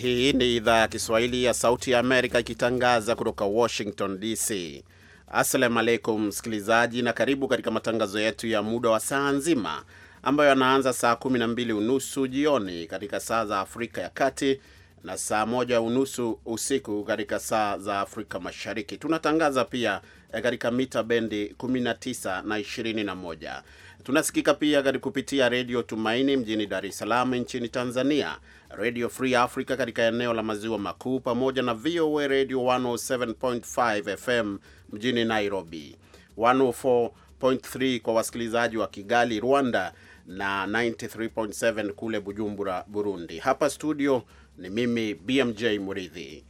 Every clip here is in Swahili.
Hii ni idhaa ya Kiswahili ya Sauti ya Amerika ikitangaza kutoka Washington DC. Assalamu alaikum msikilizaji, na karibu katika matangazo yetu ya muda wa saa nzima ambayo yanaanza saa 12 unusu jioni katika saa za Afrika ya Kati na saa moja unusu usiku katika saa za Afrika Mashariki. Tunatangaza pia eh, katika mita bendi 19 na 21. Tunasikika pia kupitia Redio Tumaini mjini Dar es Salaam nchini Tanzania Radio Free Africa katika eneo la maziwa makuu pamoja na VOA Radio 107.5 FM mjini Nairobi, 104.3 kwa wasikilizaji wa Kigali, Rwanda na 93.7 kule Bujumbura, Burundi. Hapa studio ni mimi BMJ Muridhi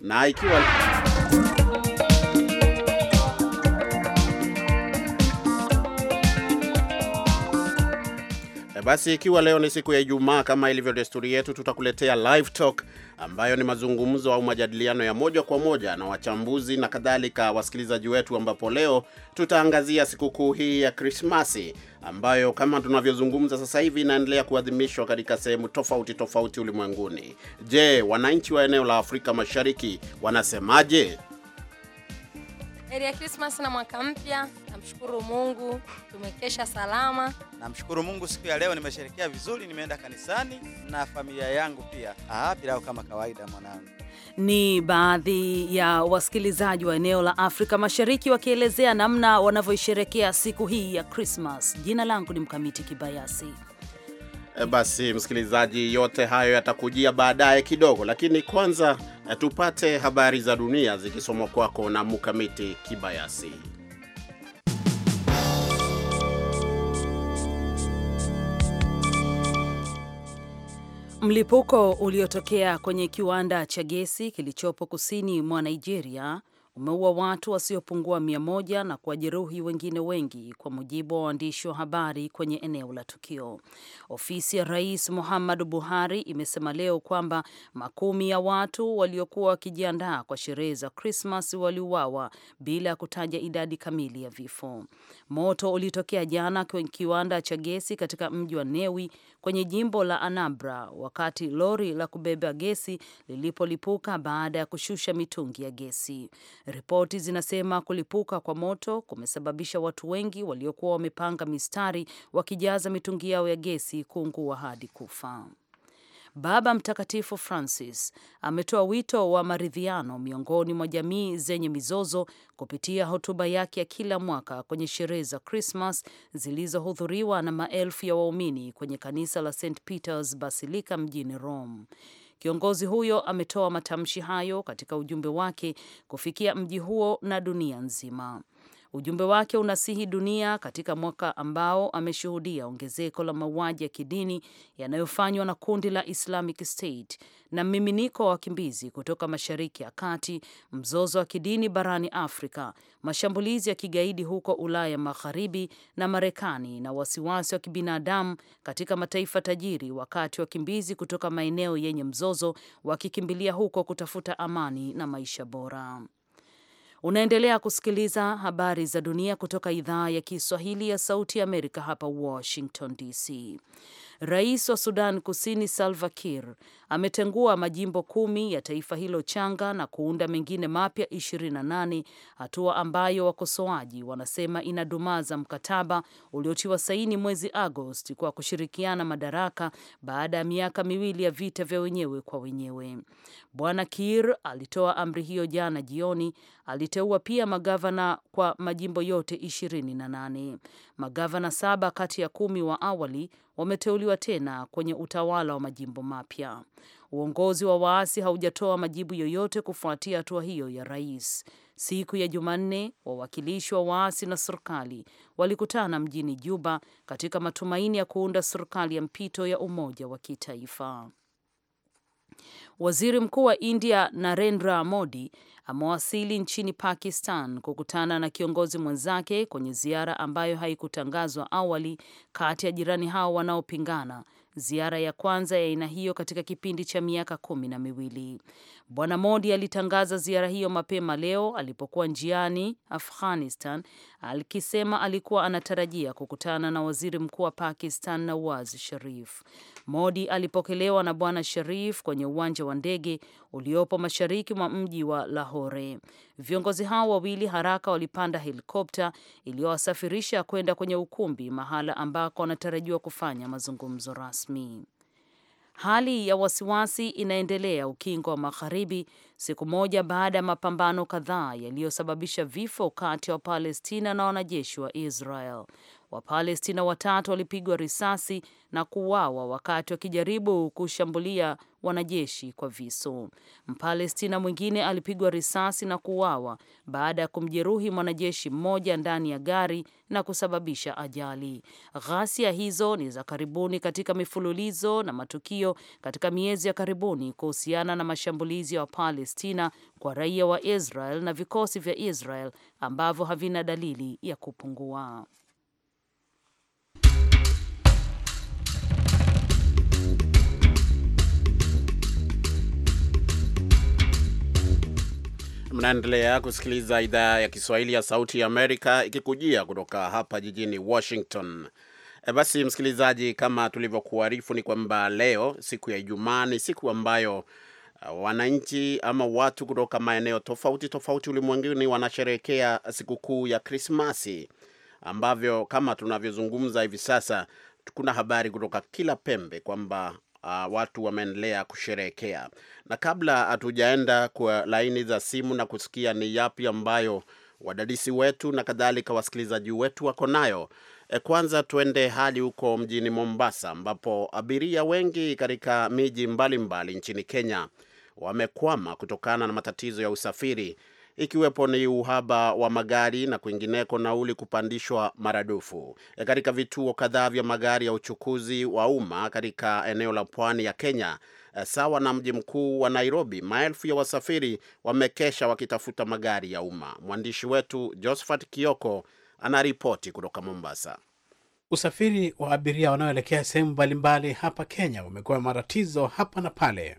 na ikiwa Basi ikiwa leo ni siku ya Ijumaa, kama ilivyo desturi yetu, tutakuletea live talk ambayo ni mazungumzo au majadiliano ya moja kwa moja na wachambuzi na kadhalika wasikilizaji wetu, ambapo leo tutaangazia sikukuu hii ya Krismasi ambayo kama tunavyozungumza sasa hivi inaendelea kuadhimishwa katika sehemu tofauti tofauti ulimwenguni. Je, wananchi wa eneo la Afrika Mashariki wanasemaje? Heri ya Christmas na mwaka mpya. Namshukuru Mungu tumekesha salama. Namshukuru Mungu siku ya leo nimesherekea vizuri, nimeenda kanisani na familia yangu pia. Ah, pilau kama kawaida mwanangu. Ni baadhi ya wasikilizaji wa eneo la Afrika Mashariki wakielezea namna wanavyoisherekea siku hii ya Christmas. Jina langu ni Mkamiti Kibayasi. E, basi msikilizaji, yote hayo yatakujia baadaye kidogo, lakini kwanza tupate habari za dunia zikisomwa kwako na Mkamiti Kibayasi. Mlipuko uliotokea kwenye kiwanda cha gesi kilichopo kusini mwa Nigeria umeua watu wasiopungua mia moja na kuwajeruhi wengine wengi, kwa mujibu wa waandishi wa habari kwenye eneo la tukio. Ofisi ya Rais muhamadu Buhari imesema leo kwamba makumi ya watu waliokuwa wakijiandaa kwa sherehe za Krismas waliuawa bila ya kutaja idadi kamili ya vifo. Moto ulitokea jana kwenye kiwanda cha gesi katika mji wa Newi kwenye jimbo la Anambra wakati lori la kubeba gesi lilipolipuka baada ya kushusha mitungi ya gesi. Ripoti zinasema kulipuka kwa moto kumesababisha watu wengi waliokuwa wamepanga mistari wakijaza mitungi yao ya gesi kuungua hadi kufa. Baba Mtakatifu Francis ametoa wito wa maridhiano miongoni mwa jamii zenye mizozo kupitia hotuba yake ya kila mwaka kwenye sherehe za Krismas zilizohudhuriwa na maelfu ya waumini kwenye kanisa la St Peters Basilica mjini Rome. Kiongozi huyo ametoa matamshi hayo katika ujumbe wake kufikia mji huo na dunia nzima. Ujumbe wake unasihi dunia katika mwaka ambao ameshuhudia ongezeko la mauaji ya kidini yanayofanywa na kundi la Islamic State na mmiminiko wa wakimbizi kutoka Mashariki ya Kati, mzozo wa kidini barani Afrika, mashambulizi ya kigaidi huko Ulaya Magharibi na Marekani, na wasiwasi wa kibinadamu katika mataifa tajiri, wakati wakimbizi kutoka maeneo yenye mzozo wakikimbilia huko kutafuta amani na maisha bora. Unaendelea kusikiliza habari za dunia kutoka idhaa ya Kiswahili ya Sauti ya Amerika hapa Washington DC. Rais wa Sudan Kusini Salva Kiir ametengua majimbo kumi ya taifa hilo changa na kuunda mengine mapya 28, hatua ambayo wakosoaji wanasema inadumaza mkataba uliotiwa saini mwezi Agosti kwa kushirikiana madaraka baada ya miaka miwili ya vita vya wenyewe kwa wenyewe. Bwana Kiir alitoa amri hiyo jana jioni. Aliteua pia magavana kwa majimbo yote 28. Magavana saba kati ya kumi wa awali wameteuliwa tena kwenye utawala wa majimbo mapya. Uongozi wa waasi haujatoa majibu yoyote kufuatia hatua hiyo ya rais. Siku ya Jumanne, wawakilishi wa waasi na serikali walikutana mjini Juba katika matumaini ya kuunda serikali ya mpito ya umoja wa kitaifa. Waziri Mkuu wa India Narendra Modi amewasili nchini Pakistan kukutana na kiongozi mwenzake kwenye ziara ambayo haikutangazwa awali kati ya jirani hao wanaopingana, ziara ya kwanza ya aina hiyo katika kipindi cha miaka kumi na miwili. Bwana Modi alitangaza ziara hiyo mapema leo alipokuwa njiani Afghanistan, akisema alikuwa anatarajia kukutana na waziri mkuu wa Pakistan Nawaz Sharif. Modi alipokelewa na Bwana Sharif kwenye uwanja wa ndege uliopo mashariki mwa mji wa Lahore. Viongozi hao wawili haraka walipanda helikopta iliyowasafirisha kwenda kwenye ukumbi, mahala ambako wanatarajiwa kufanya mazungumzo rasmi. Hali ya wasiwasi inaendelea ukingo wa magharibi, siku moja baada ya mapambano kadhaa yaliyosababisha vifo kati ya Wapalestina na wanajeshi wa Israel. Wapalestina watatu walipigwa risasi na kuuawa wakati wakijaribu kushambulia wanajeshi kwa visu. Mpalestina mwingine alipigwa risasi na kuuawa baada ya kumjeruhi mwanajeshi mmoja ndani ya gari na kusababisha ajali. Ghasia hizo ni za karibuni katika mifululizo na matukio katika miezi ya karibuni kuhusiana na mashambulizi ya Wapalestina kwa raia wa Israel na vikosi vya Israel ambavyo havina dalili ya kupungua. Mnaendelea kusikiliza idhaa ya Kiswahili ya Sauti ya Amerika ikikujia kutoka hapa jijini Washington. E, basi msikilizaji, kama tulivyokuarifu ni kwamba leo siku ya Ijumaa ni siku ambayo uh, wananchi ama watu kutoka maeneo tofauti tofauti ulimwenguni wanasherehekea sikukuu ya Krismasi, ambavyo kama tunavyozungumza hivi sasa kuna habari kutoka kila pembe kwamba uh, watu wameendelea kusherehekea. Na kabla hatujaenda kwa laini za simu na kusikia ni yapi ambayo wadadisi wetu na kadhalika wasikilizaji wetu wako nayo, e, kwanza tuende hali huko mjini Mombasa ambapo abiria wengi katika miji mbalimbali nchini Kenya wamekwama kutokana na matatizo ya usafiri ikiwepo ni uhaba wa magari na kwingineko nauli kupandishwa maradufu. E, katika vituo kadhaa vya magari ya uchukuzi wa umma katika eneo la pwani ya Kenya e, sawa na mji mkuu wa Nairobi, maelfu ya wasafiri wamekesha wakitafuta magari ya umma. Mwandishi wetu Josephat Kioko anaripoti kutoka Mombasa. Usafiri wa abiria wanaoelekea sehemu mbalimbali hapa Kenya umekuwa matatizo hapa na pale.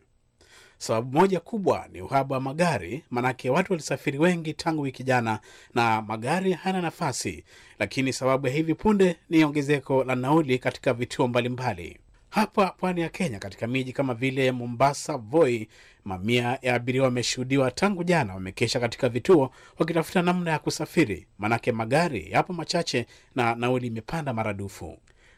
Sababu moja kubwa ni uhaba wa magari, maanake watu walisafiri wengi tangu wiki jana na magari hayana nafasi, lakini sababu ya hivi punde ni ongezeko la nauli katika vituo mbalimbali hapa pwani ya Kenya, katika miji kama vile Mombasa, Voi, mamia ya abiria wameshuhudiwa tangu jana wamekesha katika vituo wakitafuta namna ya kusafiri, maanake magari yapo machache na nauli imepanda maradufu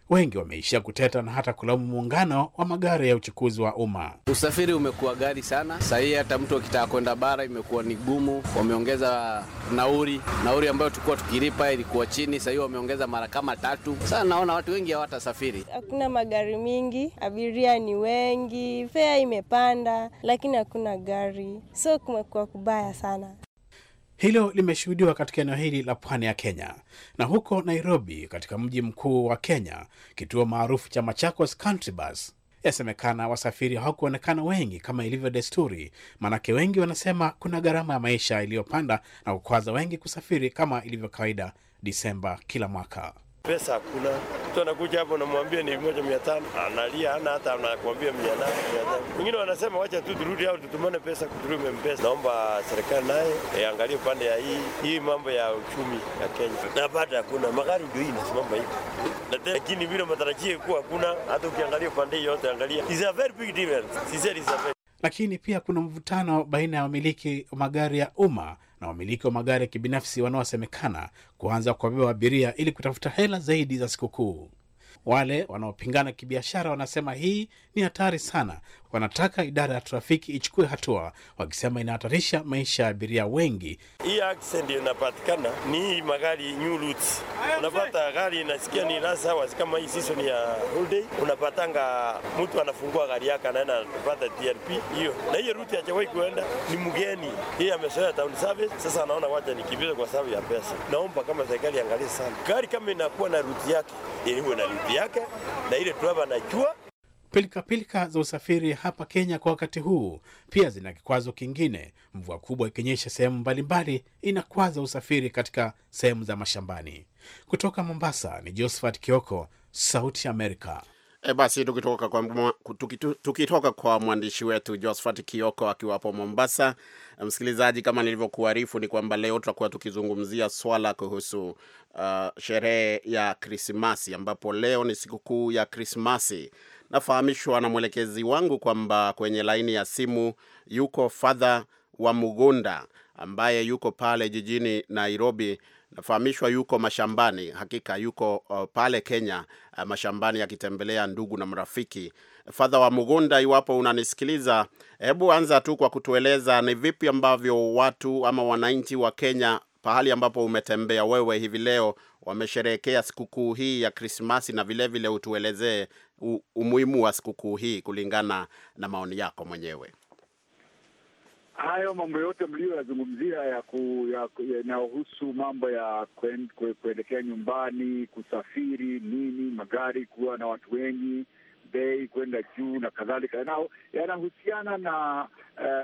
wengi wameishia kuteta na hata kulaumu muungano wa magari ya uchukuzi wa umma. Usafiri umekuwa gari sana sahii, hata mtu akitaka kwenda bara imekuwa ni gumu. Wameongeza nauri, nauri ambayo tulikuwa tukilipa ilikuwa chini, sahii wameongeza mara kama tatu. Sasa naona watu wengi hawatasafiri, hakuna magari mingi, abiria ni wengi, fea imepanda, lakini hakuna gari, so kumekuwa kubaya sana. Hilo limeshuhudiwa katika eneo hili la pwani ya Kenya na huko Nairobi, katika mji mkuu wa Kenya, kituo maarufu cha Machakos Country Bus. Yasemekana wasafiri hawakuonekana wengi kama ilivyo desturi, maanake wengi wanasema kuna gharama ya maisha iliyopanda na kukwaza wengi kusafiri kama ilivyo kawaida Disemba kila mwaka. Pesa hakuna, mtu anakuja hapo unamwambia ni elfu moja mia tano analia, hana hata, anakuambia mia nane mia tano Wengine wanasema wacha tu turudi au tutumane pesa kuturume mpesa. Naomba serikali naye iangalie e, upande ya hii hii mambo ya uchumi ya Kenya, na bado hakuna magari, ndio hii inasimama hivi na lakini vile matarajio ikuwa hakuna, hata ukiangalia upande yote, angalia is a very big difference, Sisi said is a very lakini pia kuna mvutano baina ya wamiliki wa magari ya umma na wamiliki wa magari ya kibinafsi wanaosemekana kuanza kuwabeba abiria ili kutafuta hela zaidi za sikukuu. Wale wanaopingana kibiashara wanasema hii ni hatari sana, wanataka idara ya trafiki ichukue hatua, wakisema inahatarisha maisha ya abiria wengi. Hii aksidenti inapatikana ni hii magari new routes, unapata gari inasikia ni rasa wasi, kama hii season ya holiday unapatanga mtu anafungua gari yake anaenda kupata TRP hiyo, na hiyo ruti hajawahi kuenda, ni mgeni hii, amesoea town service. Sasa anaona wacha nikibiza kwa sababu ya pesa. Naomba kama serikali angalie sana gari, kama inakuwa na route yake iliwe na route yake, na ile driver anajua Pilikapilika za usafiri hapa Kenya kwa wakati huu pia zina kikwazo kingine. Mvua kubwa ikinyesha sehemu mbalimbali inakwaza usafiri katika sehemu za mashambani. Kutoka Mombasa ni Josephat Kioko, Sauti Amerika. E, basi tukitoka kwa, tukitoka kwa mwandishi wetu Josephat Kioko akiwa hapo Mombasa. Msikilizaji, kama nilivyokuarifu ni kwamba leo tutakuwa tukizungumzia swala kuhusu uh, sherehe ya Krismasi ambapo leo ni sikukuu ya Krismasi nafahamishwa na mwelekezi wangu kwamba kwenye laini ya simu yuko Fadha wa Mugunda ambaye yuko pale jijini Nairobi. Nafahamishwa yuko mashambani, hakika yuko uh, pale Kenya uh, mashambani akitembelea ndugu na mrafiki. Fadha wa Mugunda, iwapo unanisikiliza, hebu anza tu kwa kutueleza ni vipi ambavyo watu ama wananchi wa Kenya pahali ambapo umetembea wewe hivi leo wamesherehekea sikukuu hii ya Krismasi, na vilevile utuelezee umuhimu wa sikukuu hii kulingana na maoni yako mwenyewe? Hayo mambo yote mliyoyazungumzia ya yanayohusu ya, mambo ya kuelekea kwe, kwen, nyumbani, kusafiri, nini, magari kuwa na watu wengi, bei kwenda juu na kadhalika, yanahusiana na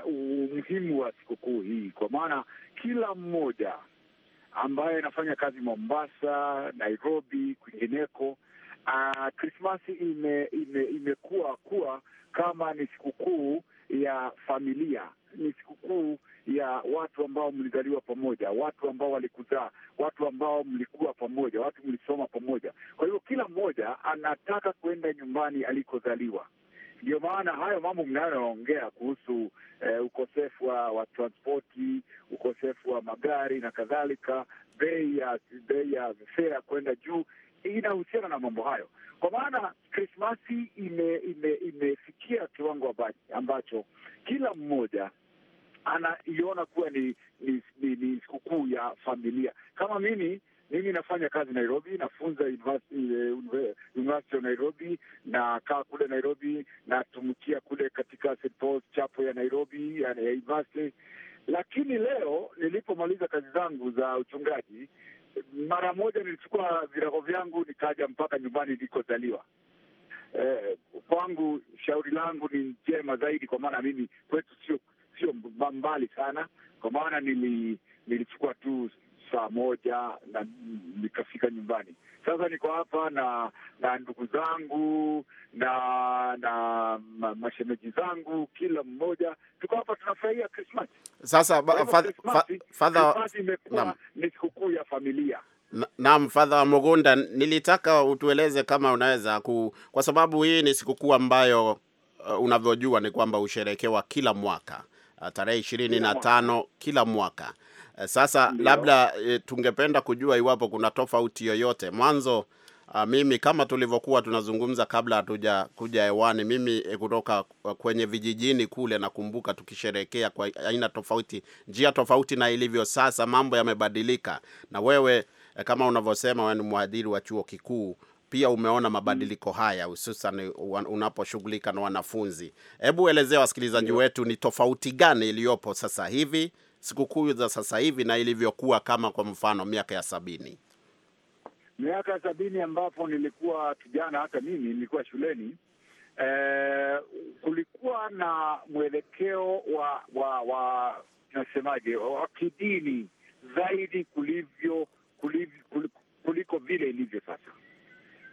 uh, umuhimu wa sikukuu hii, kwa maana kila mmoja ambaye anafanya kazi Mombasa, Nairobi, kwingineko Krismasi ah, imekuwa ime, ime kuwa kama ni sikukuu ya familia, ni sikukuu ya watu ambao mlizaliwa pamoja, watu ambao walikuzaa, watu ambao mlikuwa pamoja, watu mlisoma pamoja. Kwa hivyo kila mmoja anataka kuenda nyumbani alikozaliwa. Ndio maana hayo mambo mnayoongea kuhusu eh, ukosefu wa transporti, ukosefu wa magari na kadhalika, bei ya bei ya kwenda juu, inahusiana na mambo hayo, kwa maana Krismasi ime, ime, imefikia kiwango ambacho kila mmoja anaiona kuwa ni ni, ni, ni sikukuu ya familia. Kama mimi mimi nafanya kazi Nairobi, nafunza eh, University of Nairobi, nakaa kule Nairobi, natumikia kule katika St Paul's Chapel ya Nairobi ya university. Lakini leo nilipomaliza kazi zangu za uchungaji, mara moja nilichukua virago vyangu nikaja mpaka nyumbani nilikozaliwa. Eh, kwangu shauri langu ni njema zaidi, kwa maana mimi kwetu sio sio mbali sana, kwa maana nili, nilichukua tu saa moja na nikafika nyumbani. Sasa niko hapa na na ndugu zangu na na ma, mashemeji zangu, kila mmoja tuko hapa tunafurahia Krismasi. Sasa fadha imekuwa ni sikukuu ya familia. Naam, Fadha Mugunda, nilitaka utueleze kama unaweza ku, kwa sababu hii ni sikukuu ambayo uh, unavyojua ni kwamba husherekewa kila mwaka uh, tarehe ishirini na tano kila mwaka Eh, sasa Ndiyo. labda e, tungependa kujua iwapo kuna tofauti yoyote mwanzo. A, ah, mimi kama tulivyokuwa tunazungumza kabla hatuja kuja hewani, mimi eh, kutoka kwenye vijijini kule nakumbuka tukisherehekea kwa aina tofauti, njia tofauti na ilivyo sasa. Mambo yamebadilika, na wewe kama unavyosema, wewe ni mhadhiri wa chuo kikuu pia umeona mabadiliko mm. haya hususan unaposhughulika na wanafunzi. Hebu elezea wasikilizaji wetu ni tofauti gani iliyopo sasa hivi sikukuu za sasa hivi na ilivyokuwa kama kwa mfano miaka ya sabini miaka ya sabini ambapo nilikuwa kijana, hata mimi nilikuwa shuleni. Eh, kulikuwa na mwelekeo wa wa wa nasemaje, wa kidini zaidi kulivyo, kulivyo, kuliko, vile ilivyo sasa.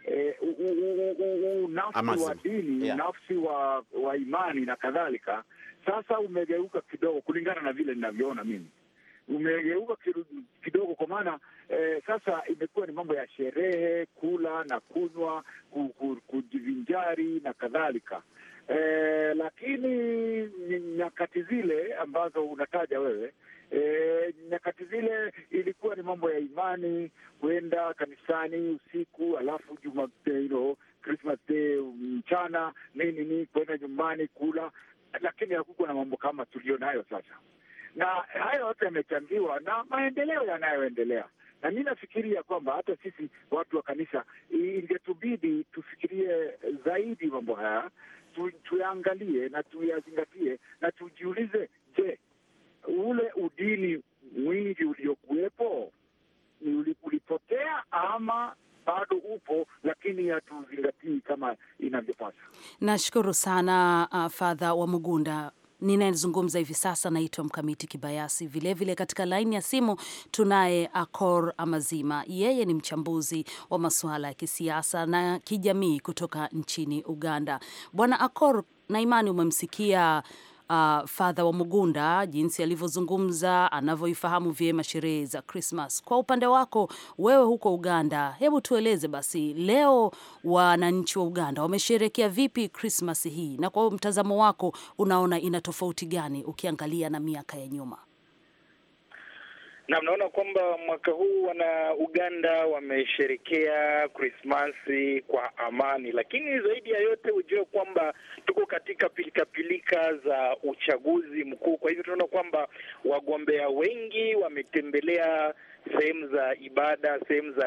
Eh, unafsi wa dini yeah, nafsi wa, wa imani na kadhalika sasa umegeuka kidogo, kulingana na vile ninavyoona mimi, umegeuka kidogo kwa maana eh, sasa imekuwa ni mambo ya sherehe, kula na kunywa, kujivinjari na kadhalika. Eh, lakini nyakati zile ambazo unataja wewe eh, nyakati zile ilikuwa ni mambo ya imani, kuenda kanisani usiku, alafu juma eh, Christmas Day mchana nini ni kwenda nyumbani kula lakini hakuko na mambo kama tulio nayo sasa, na hayo yote yamechangiwa na maendeleo yanayoendelea na mi nafikiria kwamba hata sisi watu wa kanisa ingetubidi tufikirie zaidi mambo haya, tuyaangalie na tuyazingatie na tujiulize, je, ule udini mwingi uliokuwepo ulipotea ama bado upo, lakini hatuzingatii kama inavyopasa Nashukuru sana uh, Fadha wa Mugunda. Ninayezungumza hivi sasa naitwa Mkamiti Kibayasi. Vilevile vile katika laini ya simu tunaye Akor Amazima, yeye ni mchambuzi wa masuala ya kisiasa na kijamii kutoka nchini Uganda. Bwana Akor, naimani umemsikia uh, Fadha wa Mugunda jinsi alivyozungumza anavyoifahamu vyema sherehe za krismas Kwa upande wako wewe huko Uganda, hebu tueleze basi leo wananchi wa Uganda wamesherekea vipi krismas hii, na kwa mtazamo wako unaona ina tofauti gani ukiangalia na miaka ya nyuma? na mnaona kwamba mwaka huu wana Uganda wamesherekea Krismasi kwa amani, lakini zaidi ya yote hujue kwamba tuko katika pilikapilika -pilika za uchaguzi mkuu. Kwa hivyo tunaona kwamba wagombea wengi wametembelea sehemu za ibada, sehemu za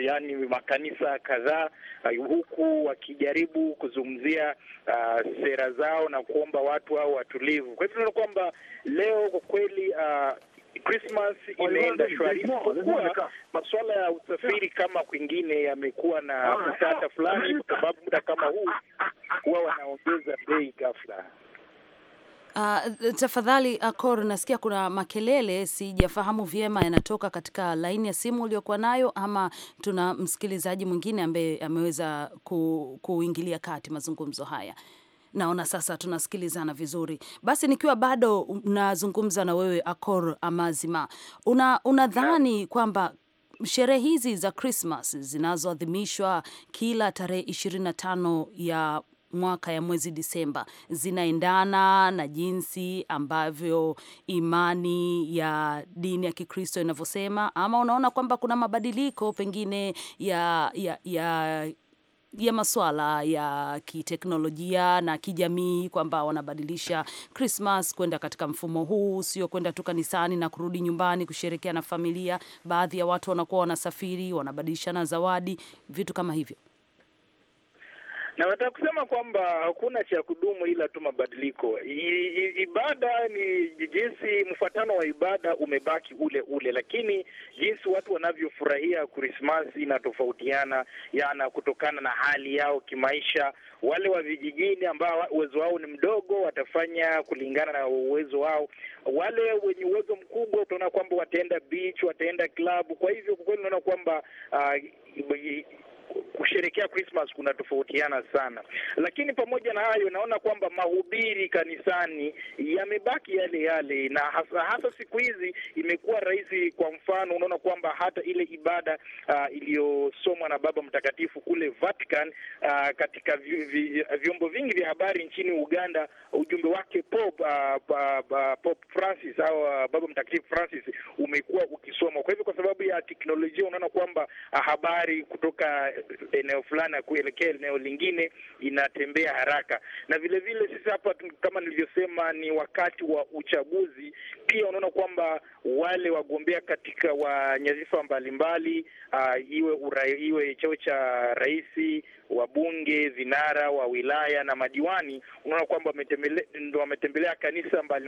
yaani makanisa kadhaa, uh, huku wakijaribu kuzungumzia uh, sera zao na kuomba watu hao watulivu. Kwa hivyo tunaona kwamba leo kwa kweli uh, Christmas imeenda shwari, isipokuwa masuala ya usafiri kama kwingine yamekuwa na utata ah. fulani, kwa sababu muda kama huu huwa wanaongeza bei ghafla. Uh, tafadhali Akor, ah, nasikia kuna makelele, sijafahamu vyema yanatoka katika laini ya simu uliokuwa nayo ama tuna msikilizaji mwingine ambaye ameweza ku, kuingilia kati mazungumzo haya. Naona sasa tunasikilizana vizuri. Basi nikiwa bado nazungumza na wewe, Akor Amazima, una unadhani kwamba sherehe hizi za Krismas zinazoadhimishwa kila tarehe ishirini na tano ya mwaka ya mwezi Disemba zinaendana na jinsi ambavyo imani ya dini ya Kikristo inavyosema, ama unaona kwamba kuna mabadiliko pengine ya, ya, ya ya maswala ya kiteknolojia na kijamii, kwamba wanabadilisha Christmas kwenda katika mfumo huu, sio kwenda tu kanisani na kurudi nyumbani kusherekea na familia. Baadhi ya watu wanakuwa wanasafiri, wanabadilishana zawadi, vitu kama hivyo na wataka kusema kwamba hakuna cha kudumu ila tu mabadiliko. Ibada ni jinsi, mfuatano wa ibada umebaki ule ule, lakini jinsi watu wanavyofurahia Krismasi inatofautiana yana kutokana na hali yao kimaisha. Wale wa vijijini ambao uwezo wao ni mdogo watafanya kulingana na uwezo wao, wale wenye uwezo mkubwa utaona kwamba wataenda beach, wataenda klabu. Kwa hivyo kwa kweli unaona kwamba uh, kusherekea Christmas kuna tofautiana sana, lakini pamoja na hayo, naona kwamba mahubiri kanisani yamebaki yale yale, na hasa, hasa siku hizi imekuwa rahisi. Kwa mfano, unaona kwamba hata ile ibada uh, iliyosomwa na Baba Mtakatifu kule Vatican uh, katika vyombo vingi vya habari nchini Uganda, ujumbe wake Pope, uh, Pope Francis au uh, Baba Mtakatifu Francis umekuwa ukisomwa. Kwa hivyo, kwa sababu ya teknolojia, unaona kwamba uh, habari kutoka eneo fulani na kuelekea eneo lingine, inatembea haraka. Na vile vile sisi hapa kama nilivyosema, ni wakati wa uchaguzi pia. Unaona kwamba wale wagombea katika wa nyadhifa mbalimbali uh, iwe ura, iwe cheo cha rais, wabunge, vinara wa wilaya na madiwani, unaona kwamba ndo wametembelea kanisa mbalimbali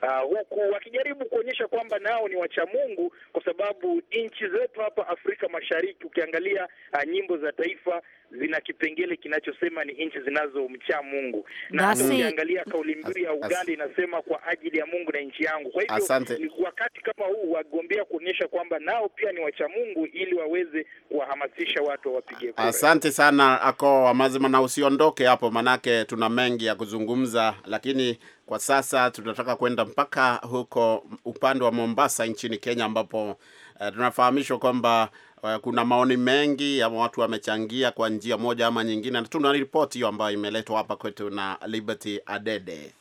mbali, uh, huku wakijaribu kuonyesha kwamba nao ni wachamungu kwa sababu nchi zetu hapa Afrika Mashariki ukiangalia uh, nyimbo za taifa zina kipengele kinachosema ni nchi zinazomcha Mungu, na ukiangalia kauli mbiu ya Uganda inasema kwa ajili ya Mungu na nchi yangu. Kwa hivyo Asante. Ni wakati kama huu wagombea kuonyesha kwamba nao pia ni wacha Mungu ili waweze kuwahamasisha watu wapige kura. Asante sana ako amazima, na usiondoke hapo, manake tuna mengi ya kuzungumza, lakini kwa sasa tunataka kwenda mpaka huko upande wa Mombasa nchini Kenya ambapo uh, tunafahamishwa kwamba Eh, kuna maoni mengi ama watu wamechangia kwa njia moja ama nyingine, na tuna ripoti hiyo ambayo imeletwa hapa kwetu na Liberty Adede.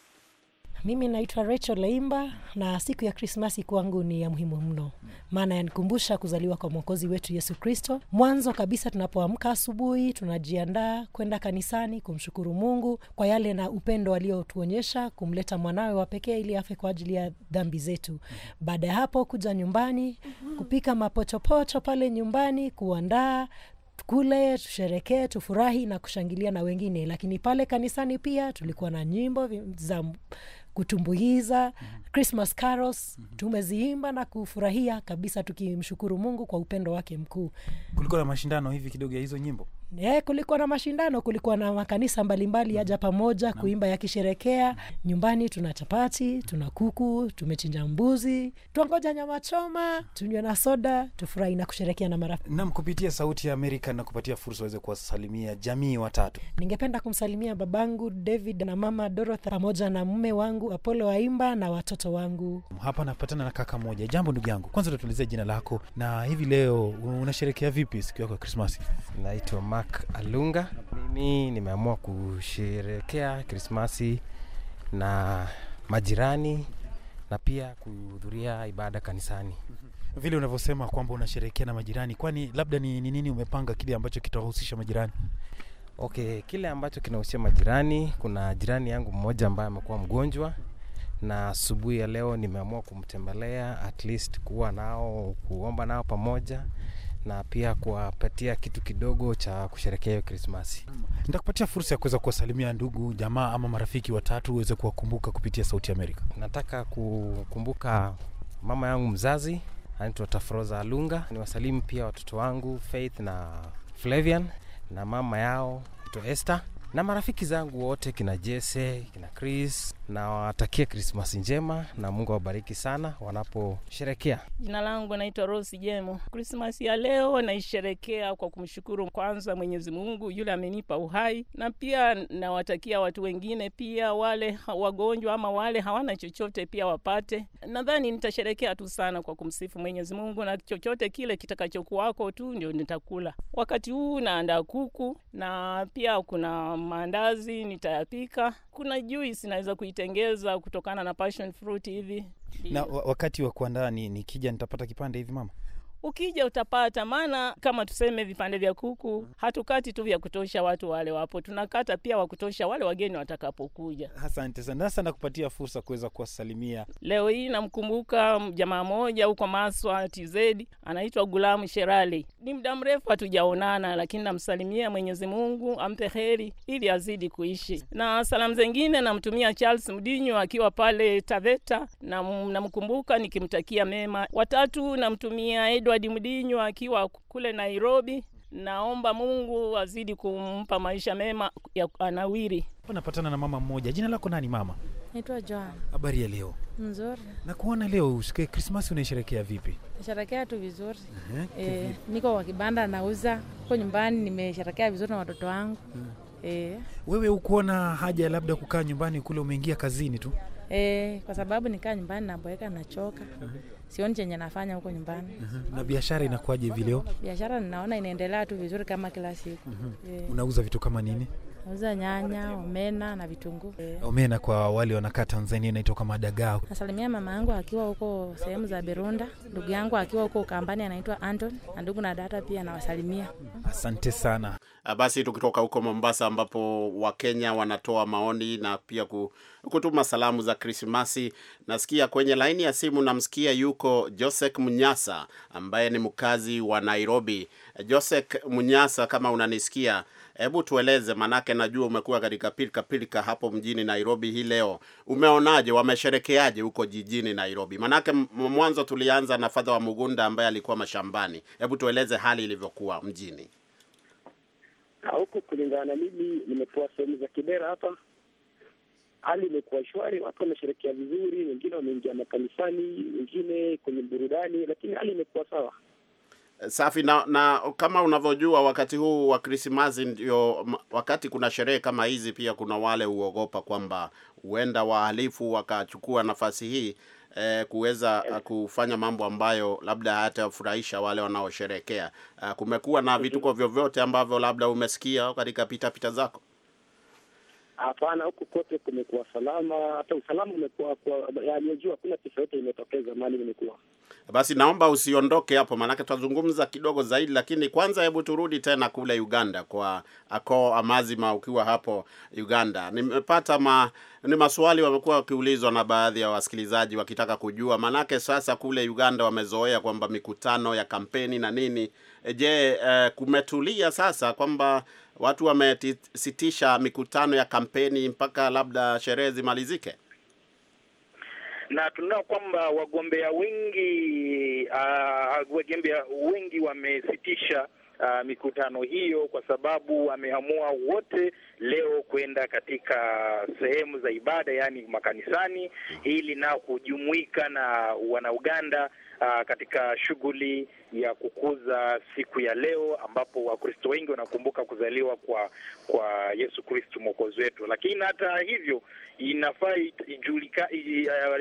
Mimi naitwa Rachel Laimba na siku ya Krismasi kwangu ni ya muhimu mno, maana yanikumbusha kuzaliwa kwa Mwokozi wetu Yesu Kristo. Mwanzo kabisa, tunapoamka asubuhi, tunajiandaa kwenda kanisani kumshukuru Mungu kwa yale na upendo aliotuonyesha kumleta mwanawe wa pekee ili afe kwa ajili ya dhambi zetu. Baada ya hapo, kuja nyumbani, kupika mapochopocho pale nyumbani, kuandaa kule tusherekee, tufurahi na kushangilia na wengine. Lakini pale kanisani pia tulikuwa na nyimbo za kutumbuiza mm-hmm christmas carols mm-hmm. tumeziimba na kufurahia kabisa tukimshukuru mungu kwa upendo wake mkuu kulikuwa na mashindano hivi kidogo ya hizo nyimbo yeah, kulikuwa na mashindano kulikuwa na makanisa mbalimbali yaja mhm. pamoja na. kuimba yakisherekea nyumbani tuna chapati tuna kuku tumechinja mbuzi twangoja nyama choma tunywe na soda tufurahi na kusherekea na marafiki nam kupitia sauti ya amerika na kupatia fursa waweze kuwasalimia jamii watatu ningependa kumsalimia babangu david na mama dorothy pamoja na mume wangu apolo waimba na watoto mtoto wangu. Hapa napatana na kaka moja. Jambo ndugu yangu, kwanza utatuelezea jina lako na hivi leo unasherekea vipi siku yako ya Krismasi? Naitwa Mark Alunga. Mimi nimeamua kusherekea Krismasi na majirani na pia kuhudhuria ibada kanisani vile unavyosema kwamba unasherehekea na majirani, kwani labda ni nini umepanga kile ambacho kitawahusisha majirani? Okay, kile ambacho kinahusisha majirani, kuna jirani yangu mmoja ambaye amekuwa mgonjwa na asubuhi ya leo nimeamua kumtembelea at least kuwa nao kuomba nao pamoja na pia kuwapatia kitu kidogo cha kusherekea hiyo Krismasi. Nitakupatia fursa ya kuweza kuwasalimia ndugu jamaa ama marafiki watatu uweze kuwakumbuka kupitia Sauti Amerika. Nataka kukumbuka mama yangu mzazi anaitwa Tafroza Alunga, niwasalimu pia watoto wangu Faith na Flavian na mama yao anaitwa este na marafiki zangu wote kina Jesse, kina Chris nawatakia Krismas njema na Mungu awabariki sana wanaposherekea. Jina langu naitwa rosi Jemo. Krismas ya leo naisherekea kwa kumshukuru kwanza Mwenyezi Mungu yule amenipa uhai, na pia nawatakia watu wengine pia wale wagonjwa ama wale hawana chochote pia wapate. Nadhani nitasherekea tu sana kwa kumsifu Mwenyezi Mungu, na chochote kile kitakachokuwako tu ndio nitakula. Wakati huu naanda kuku na pia kuna maandazi nitayapika kuna juice inaweza kuitengeza kutokana na passion fruit hivi. Na wakati wa kuandaa ni nikija nitapata kipande hivi mama? ukija utapata. Maana kama tuseme vipande vya kuku hatukati tu vya kutosha watu wale wapo, tunakata pia wa kutosha wale wageni watakapokuja. Asante sana. sana kupatia fursa kuweza kuwasalimia leo hii. Namkumbuka jamaa moja huko Maswa TZ anaitwa Gulamu Sherali, ni muda mrefu hatujaonana, lakini namsalimia, Mwenyezi Mungu ampe heri ili azidi kuishi, na salamu zengine namtumia Charles Mdinyo akiwa pale Taveta, namkumbuka na nikimtakia mema. Watatu namtumia Edward Edward Mdinywa akiwa kule Nairobi. Naomba Mungu azidi kumpa maisha mema ya anawiri. Napatana na mama mmoja. Jina lako nani mama? Naitwa Joan. Habari ya leo? Nzuri. Na kuona leo usikae Krismasi unaisherekea vipi? Nasherekea tu vizuri. Uh-huh. E, niko kwa kibanda nauza. Huko nyumbani nimesherekea vizuri na watoto wangu. -huh. Hmm. Eh. E. Wewe ukuona haja labda kukaa nyumbani kule umeingia kazini tu? E, kwa sababu nikaa nyumbani naboeka, nachoka uh -huh. Sioni chenye nafanya huko nyumbani uh -huh. Na biashara inakuwaje vileo? Biashara ninaona inaendelea tu vizuri kama kila siku uh -huh. E. Unauza vitu kama nini? Nauza nyanya, omena na vitunguu. Omena kwa wale wanakaa Tanzania inaitoka Madagaa. Nasalimia mama yangu akiwa huko sehemu za Berunda, ndugu yangu akiwa huko Ukambani anaitwa Anton na ndugu na dada pia nawasalimia. Asante sana. Ah, basi tukitoka huko Mombasa, ambapo Wakenya wanatoa maoni na pia kutuma salamu za Krismasi, nasikia kwenye laini ya simu, namsikia yuko Josek Munyasa ambaye ni mkazi wa Nairobi. Josek Munyasa, kama unanisikia hebu tueleze, manake najua umekuwa katika pilika pilika hapo mjini Nairobi hii leo. Umeonaje, wamesherekeaje huko jijini Nairobi? Manake mwanzo tulianza na Fadha wa Mugunda ambaye alikuwa mashambani. Hebu tueleze hali ilivyokuwa mjini huku. Kulingana na mimi, nimekuwa sehemu za Kibera hapa, hali imekuwa shwari, watu wamesherekea vizuri, wengine wameingia makanisani, wengine kwenye burudani, lakini hali imekuwa sawa. Safi na, na kama unavyojua wakati huu wa Krismasi ndio wakati kuna sherehe kama hizi, pia kuna wale huogopa kwamba huenda wahalifu wakachukua nafasi hii eh, kuweza eh, kufanya mambo ambayo labda hayatafurahisha wale wanaosherekea. Uh, ah, kumekuwa na mhm. vituko vyovyote ambavyo labda umesikia katika pita pita zako? Hapana, huku kote kumekuwa salama, hata usalama umekuwa, kwa jua hakuna kisa yote imetokeza mali nimekuwa basi naomba usiondoke hapo, maanake tutazungumza kidogo zaidi, lakini kwanza, hebu turudi tena kule Uganda kwa ako Amazima. Ukiwa hapo Uganda, nimepata ma, ni maswali wamekuwa wakiulizwa na baadhi ya wasikilizaji wakitaka kujua, maanake sasa kule Uganda wamezoea kwamba mikutano ya kampeni na nini. E, je, eh, kumetulia sasa kwamba watu wamesitisha mikutano ya kampeni mpaka labda sherehe zimalizike? na tunaona kwamba wagombea wengi uh, wagombea wengi wamesitisha Uh, mikutano hiyo kwa sababu wameamua wote leo kwenda katika sehemu za ibada, yaani makanisani, mhm. ili nao kujumuika na Wanauganda uh, katika shughuli ya kukuza siku ya leo ambapo Wakristo wengi wanakumbuka kuzaliwa kwa kwa Yesu Kristo mwokozi wetu. Lakini hata hivyo inafaa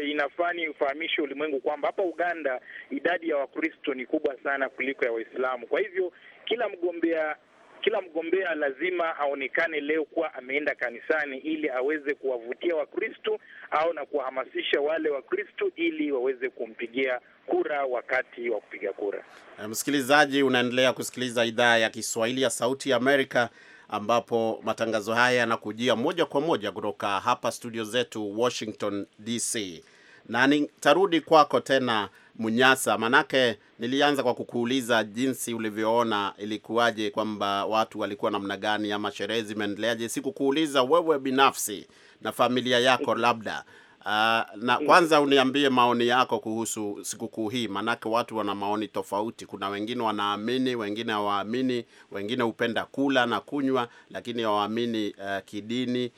inafaa ni ufahamishe ulimwengu kwamba hapa Uganda idadi ya Wakristo ni kubwa sana kuliko ya Waislamu. Kwa hivyo kila mgombea kila mgombea lazima aonekane leo kuwa ameenda kanisani ili aweze kuwavutia Wakristo au na kuwahamasisha wale Wakristo ili waweze kumpigia kura wakati wa kupiga kura. Eh, msikilizaji, unaendelea kusikiliza idhaa ya Kiswahili ya Sauti ya Amerika ambapo matangazo haya yanakujia moja kwa moja kutoka hapa studio zetu Washington DC, na nitarudi kwako tena Munyasa, manake nilianza kwa kukuuliza jinsi ulivyoona ilikuwaje, kwamba watu walikuwa namna gani ama sherehe zimeendeleaje. Sikukuuliza wewe binafsi na familia yako, labda Uh, na mm. kwanza uniambie maoni yako kuhusu sikukuu hii, maanake watu wana maoni tofauti. Kuna wengine wanaamini, wengine hawaamini, wengine hupenda kula na kunywa, lakini hawaamini uh, kidini.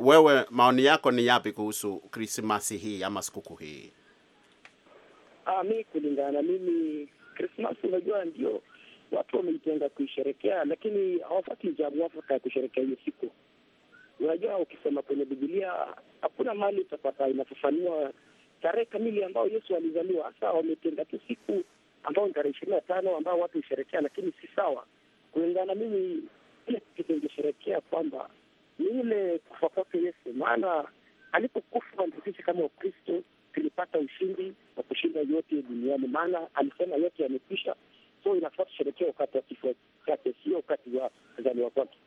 Uh, wewe maoni yako ni yapi kuhusu Krismasi hii ama sikukuu hii? Ah, mi kulingana na mimi Krismasi, unajua ndio watu wameitenga kuisherekea, lakini hawapati jambo mwafaka ya kusherekea hiyo siku Unajua, ukisema kwenye Bibilia hakuna mali utapata inafafanua tarehe kamili ambayo Yesu alizaliwa. Hasa wametenga tu siku ambayo ni tarehe ishirini na tano ambao watu husherekea, lakini si sawa. Kulingana mimi, kile kitu ingesherekea kwamba ni ile kufa kwake Yesu, maana alipokufa sisi kama Wakristo tulipata ushindi wa kushinda yote duniani, maana alisema yote yamekwisha. So inafaa tusherekea wakati wa kifo chake, sio wakati wa kuzaliwa kwake.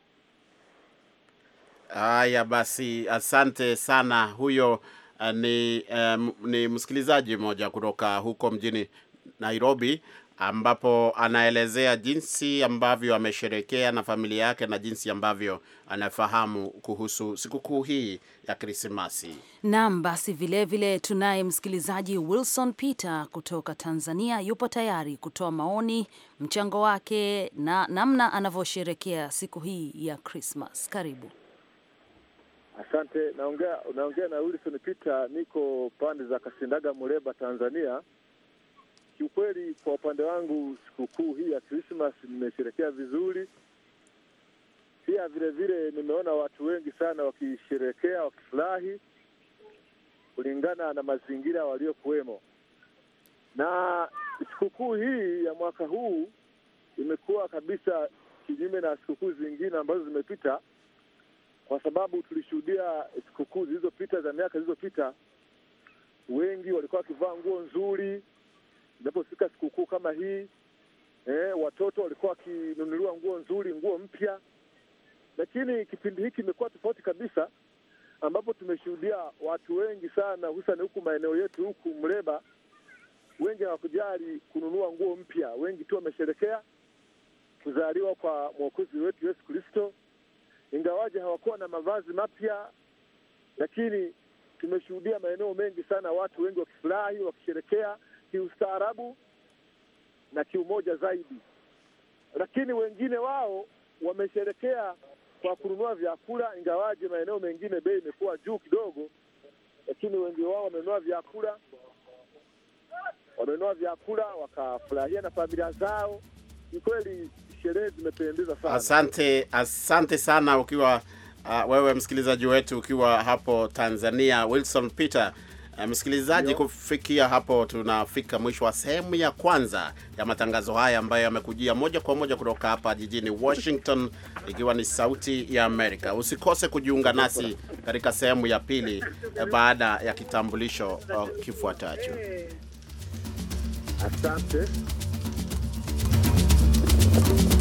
Haya basi, asante sana. Huyo uh, ni, um, ni msikilizaji mmoja kutoka huko mjini Nairobi ambapo anaelezea jinsi ambavyo amesherekea na familia yake na jinsi ambavyo anafahamu kuhusu sikukuu hii ya Krismasi. Naam, basi vilevile tunaye msikilizaji Wilson Peter kutoka Tanzania, yupo tayari kutoa maoni, mchango wake na namna anavyosherekea siku hii ya Krismas. Karibu. Asante. Naongea naongea na Wilson Peter, niko pande za Kasindaga, Muleba, Tanzania. Kiukweli, kwa upande wangu sikukuu hii ya Krismas nimesherekea vizuri, pia vilevile nimeona watu wengi sana wakisherekea, wakifurahi kulingana na mazingira waliokuwemo. Na sikukuu hii ya mwaka huu imekuwa kabisa kinyume na sikukuu zingine ambazo zimepita kwa sababu tulishuhudia sikukuu zilizopita za miaka zilizopita, wengi walikuwa wakivaa nguo nzuri, inapofika sikukuu kama hii eh, watoto walikuwa wakinunuliwa nguo nzuri, nguo mpya. Lakini kipindi hiki imekuwa tofauti kabisa, ambapo tumeshuhudia watu wengi sana, hususan huku maeneo yetu huku Mleba, wengi hawakujali kununua nguo mpya, wengi tu wamesherekea kuzaliwa kwa mwokozi wetu Yesu Kristo ingawaje hawakuwa na mavazi mapya, lakini tumeshuhudia maeneo mengi sana watu wengi wakifurahi, wakisherekea kiustaarabu na kiumoja zaidi, lakini wengine wao wamesherekea kwa kununua vyakula, ingawaje maeneo mengine bei imekuwa juu kidogo, lakini wengi wao wamenunua vyakula, wamenunua vyakula wakafurahia na familia zao. Ni kweli sherehe zimependeza sana. Asante, asante sana ukiwa uh, wewe msikilizaji wetu ukiwa hapo Tanzania, Wilson Peter. Uh, msikilizaji, kufikia hapo tunafika mwisho wa sehemu ya kwanza ya matangazo haya ambayo yamekujia moja kwa moja kutoka hapa jijini Washington, ikiwa ni Sauti ya Amerika. Usikose kujiunga nasi katika sehemu ya pili eh, baada ya kitambulisho oh, kifuatacho. Asante. you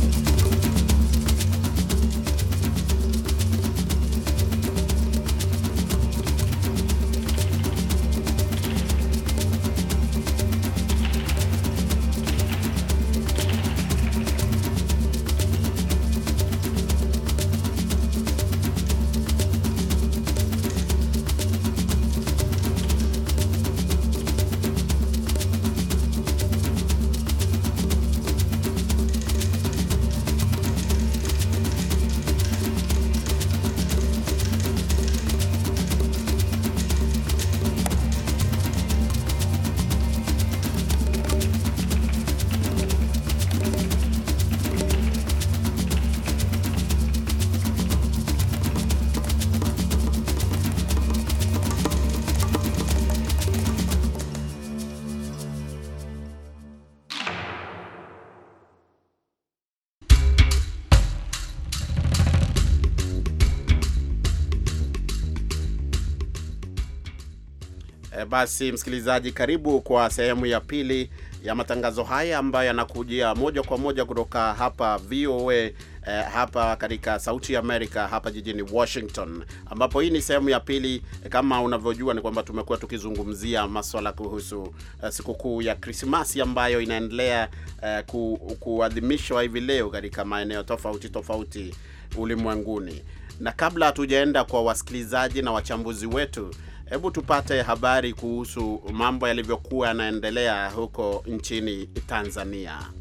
E, basi msikilizaji, karibu kwa sehemu ya pili ya matangazo haya ambayo yanakujia moja kwa moja kutoka hapa VOA e, eh, hapa katika Sauti ya Amerika hapa jijini Washington, ambapo hii ni sehemu ya pili. Kama unavyojua ni kwamba tumekuwa tukizungumzia maswala kuhusu e, sikukuu ya Krismasi ambayo inaendelea e, ku, kuadhimishwa hivi leo katika maeneo tofauti tofauti ulimwenguni, na kabla hatujaenda kwa wasikilizaji na wachambuzi wetu Hebu tupate habari kuhusu mambo yalivyokuwa yanaendelea huko nchini Tanzania.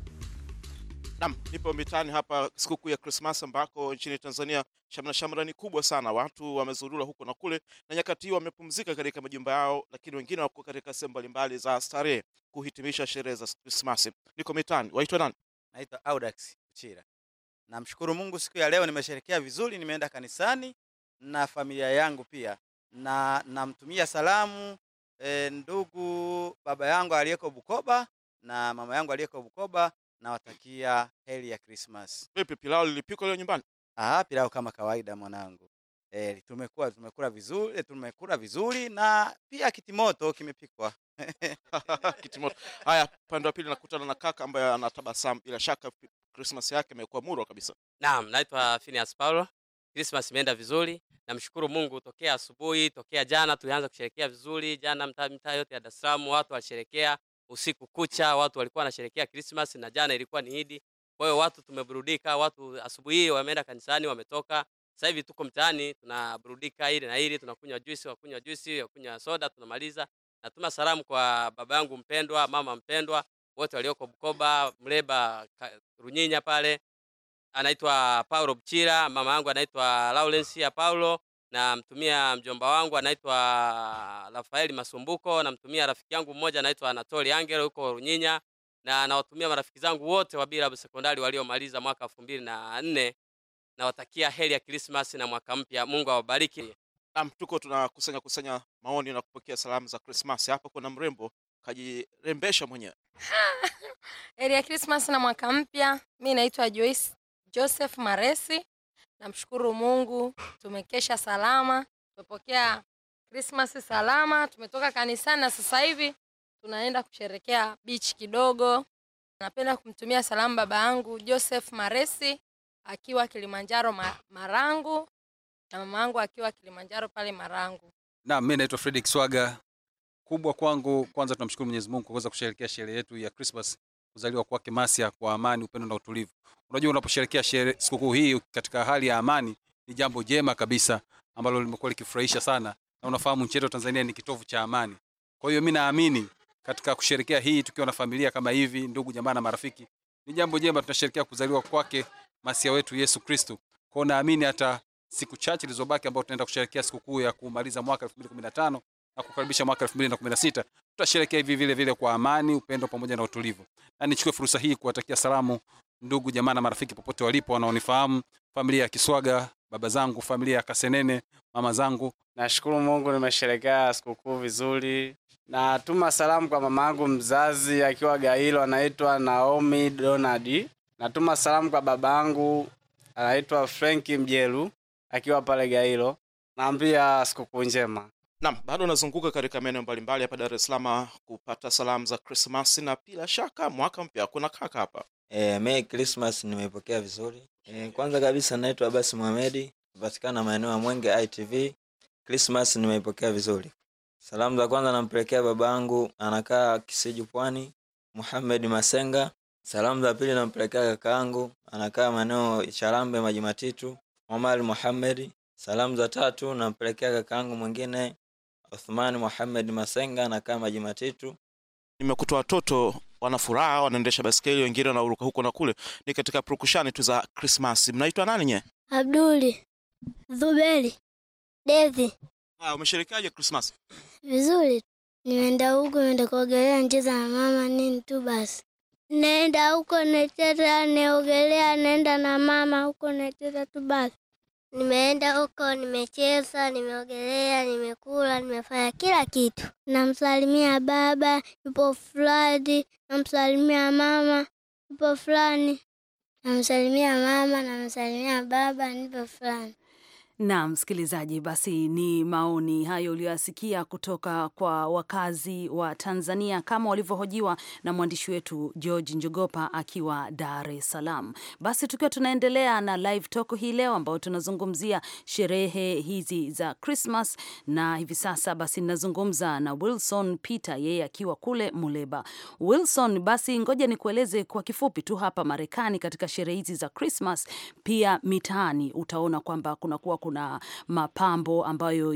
nam nipo mitaani hapa sikukuu ya krismas ambako nchini Tanzania shamra shamra ni kubwa sana. Watu wamezurura huko na kule, na nyakati hii wamepumzika katika majumba yao, lakini wengine wako katika sehemu mbalimbali za starehe kuhitimisha sherehe za Krismas. Niko mitaani. Waitwa nani? Naitwa Audax Chira. Namshukuru Mungu siku ya leo nimesherekea vizuri, nimeenda kanisani na familia yangu pia na namtumia salamu e, ndugu baba yangu aliyeko Bukoba na mama yangu aliyeko Bukoba, nawatakia heri ya Christmas. Vipi, pilau lilipikwa leo nyumbani? Ah, pilau kama kawaida mwanangu. E, eh, tumekuwa tumekula vizuri, eh, tumekula vizuri na pia kitimoto kimepikwa. Kitimoto. Haya, pande wa pili nakutana na kaka ambaye anatabasamu, bila shaka Christmas yake imekuwa murwa kabisa. Naam, naitwa Phineas Paulo Christmas imeenda vizuri. Namshukuru Mungu tokea asubuhi, tokea jana tulianza kusherekea vizuri. Jana mtaa mta yote ya Dar es watu walisherekea usiku kucha, watu walikuwa wanasherekea Christmas na jana ilikuwa ni Idi. Kwa hiyo watu tumeburudika, watu asubuhi hii wameenda kanisani, wametoka. Sasa hivi tuko mtaani tunaburudika hili na hili, tunakunywa juisi, wakunywa juisi, wakunywa soda, tunamaliza. Natuma salamu kwa baba yangu mpendwa, mama mpendwa, wote walioko Bukoba, Mleba, Runyinya pale anaitwa Paulo Bchira, mama yangu anaitwa Lawrence Paulo, namtumia mjomba wangu anaitwa Rafaeli Masumbuko, namtumia rafiki yangu mmoja anaitwa Anatoli Angelo huko Runyinya, na nawatumia marafiki zangu wote wa Bila Sekondari waliomaliza mwaka elfu mbili na nne. Nawatakia heri ya Krismasi na mwaka mpya, Mungu awabariki. Naam, tuko tunakusanya kusanya maoni na kupokea salamu za Krismasi. Hapa kuna mrembo kajirembesha mwenyewe. Heri ya Krismasi na mwaka mpya. Mi naitwa Joyce Joseph Maresi. Namshukuru Mungu tumekesha salama, tumepokea Christmas salama, tumetoka kanisani na sasa hivi tunaenda kusherekea beach kidogo. Napenda kumtumia salamu baba yangu Joseph Maresi akiwa Kilimanjaro Marangu na mama yangu akiwa Kilimanjaro pale Marangu. Na mimi naitwa Fredrick Swaga. Kubwa kwangu, kwanza tunamshukuru Mwenyezi Mungu kwa kuweza kusherehekea sherehe yetu ya Christmas, kuzaliwa kwake Masia kwa amani, upendo na utulivu. Unajua, unaposherekea sikukuu hii katika hali ya amani ni jambo jema kabisa ambalo limekuwa likifurahisha sana, na unafahamu nchi yetu Tanzania ni kitovu cha amani. Kwa hiyo mimi naamini katika kusherekea hii tukiwa na familia kama hivi, ndugu jamaa na marafiki, ni jambo jema. Tunasherekea kuzaliwa kwake masia wetu Yesu Kristo. Kwa naamini hata siku chache zilizobaki ambao tunaenda kusherekea sikukuu ya kumaliza mwaka 2015 na kukaribisha mwaka 2016 tutasherekea hivi vile vile kwa amani, upendo pamoja na utulivu. Na nichukue fursa hii kuwatakia salamu ndugu jamaa na marafiki popote walipo wanaonifahamu, familia ya Kiswaga, baba zangu, familia ya Kasenene, mama zangu. Nashukuru Mungu nimesherekea sikukuu vizuri. Natuma salamu kwa mama yangu mzazi akiwa gailo anaitwa Naomi Donald. Natuma salamu kwa yangu anaitwa frenki Mjeru akiwa pale Gairo. Naambia sikukuu njema. Naam, bado unazunguka katika maeneo mbalimbali hapa Dar es Salaam kupata salamu za Krismasi na bila shaka mwaka mpya. Kuna kaka hapa eh, Merry Christmas. Nimeipokea vizuri e, kwanza kabisa naitwa Abasi Muhamedi, napatikana maeneo ya Mwenge ITV. Christmas nimeipokea vizuri. Salamu za kwanza nampelekea babangu anakaa Kisiju Pwani, Muhamed Masenga. Salamu za pili nampelekea kakaangu anakaa maeneo Charambe majimatitu Matitu, Omar Muhamedi. Salamu za tatu nampelekea kakaangu mwingine Uthman Muhammad Masenga na kama Majimatatu. Nimekuta watoto wana furaha, wanaendesha baskeli, wengine wanauruka huko na kule. Ni katika prokushani tu za Christmas. Mnaitwa nani nye? Abduli, Zuberi, Devi. Ah, umeshirikiaje Christmas? Vizuri, nimeenda huko, nenda kuogelea, njeza na mama nini tu basi naenda huko nacheza, naogelea, naenda na mama huko nacheza tu basi. Nimeenda huko, nimecheza, nimeogelea, nimekula, nimefanya kila kitu. Namsalimia baba, yupo fulani, namsalimia mama, yupo fulani, namsalimia mama, namsalimia baba, nipo fulani. Na msikilizaji, basi ni maoni hayo uliyoyasikia kutoka kwa wakazi wa Tanzania kama walivyohojiwa na mwandishi wetu George Njogopa akiwa Dar es Salaam. Basi tukiwa tunaendelea na live talk hii leo, ambayo tunazungumzia sherehe hizi za Christmas, na hivi sasa basi ninazungumza na Wilson Peter, yeye akiwa kule Muleba. Wilson, basi ngoja nikueleze kwa kifupi tu hapa Marekani, katika sherehe hizi za Christmas pia mitaani utaona kwamba kunakuwa kuna mapambo ambayo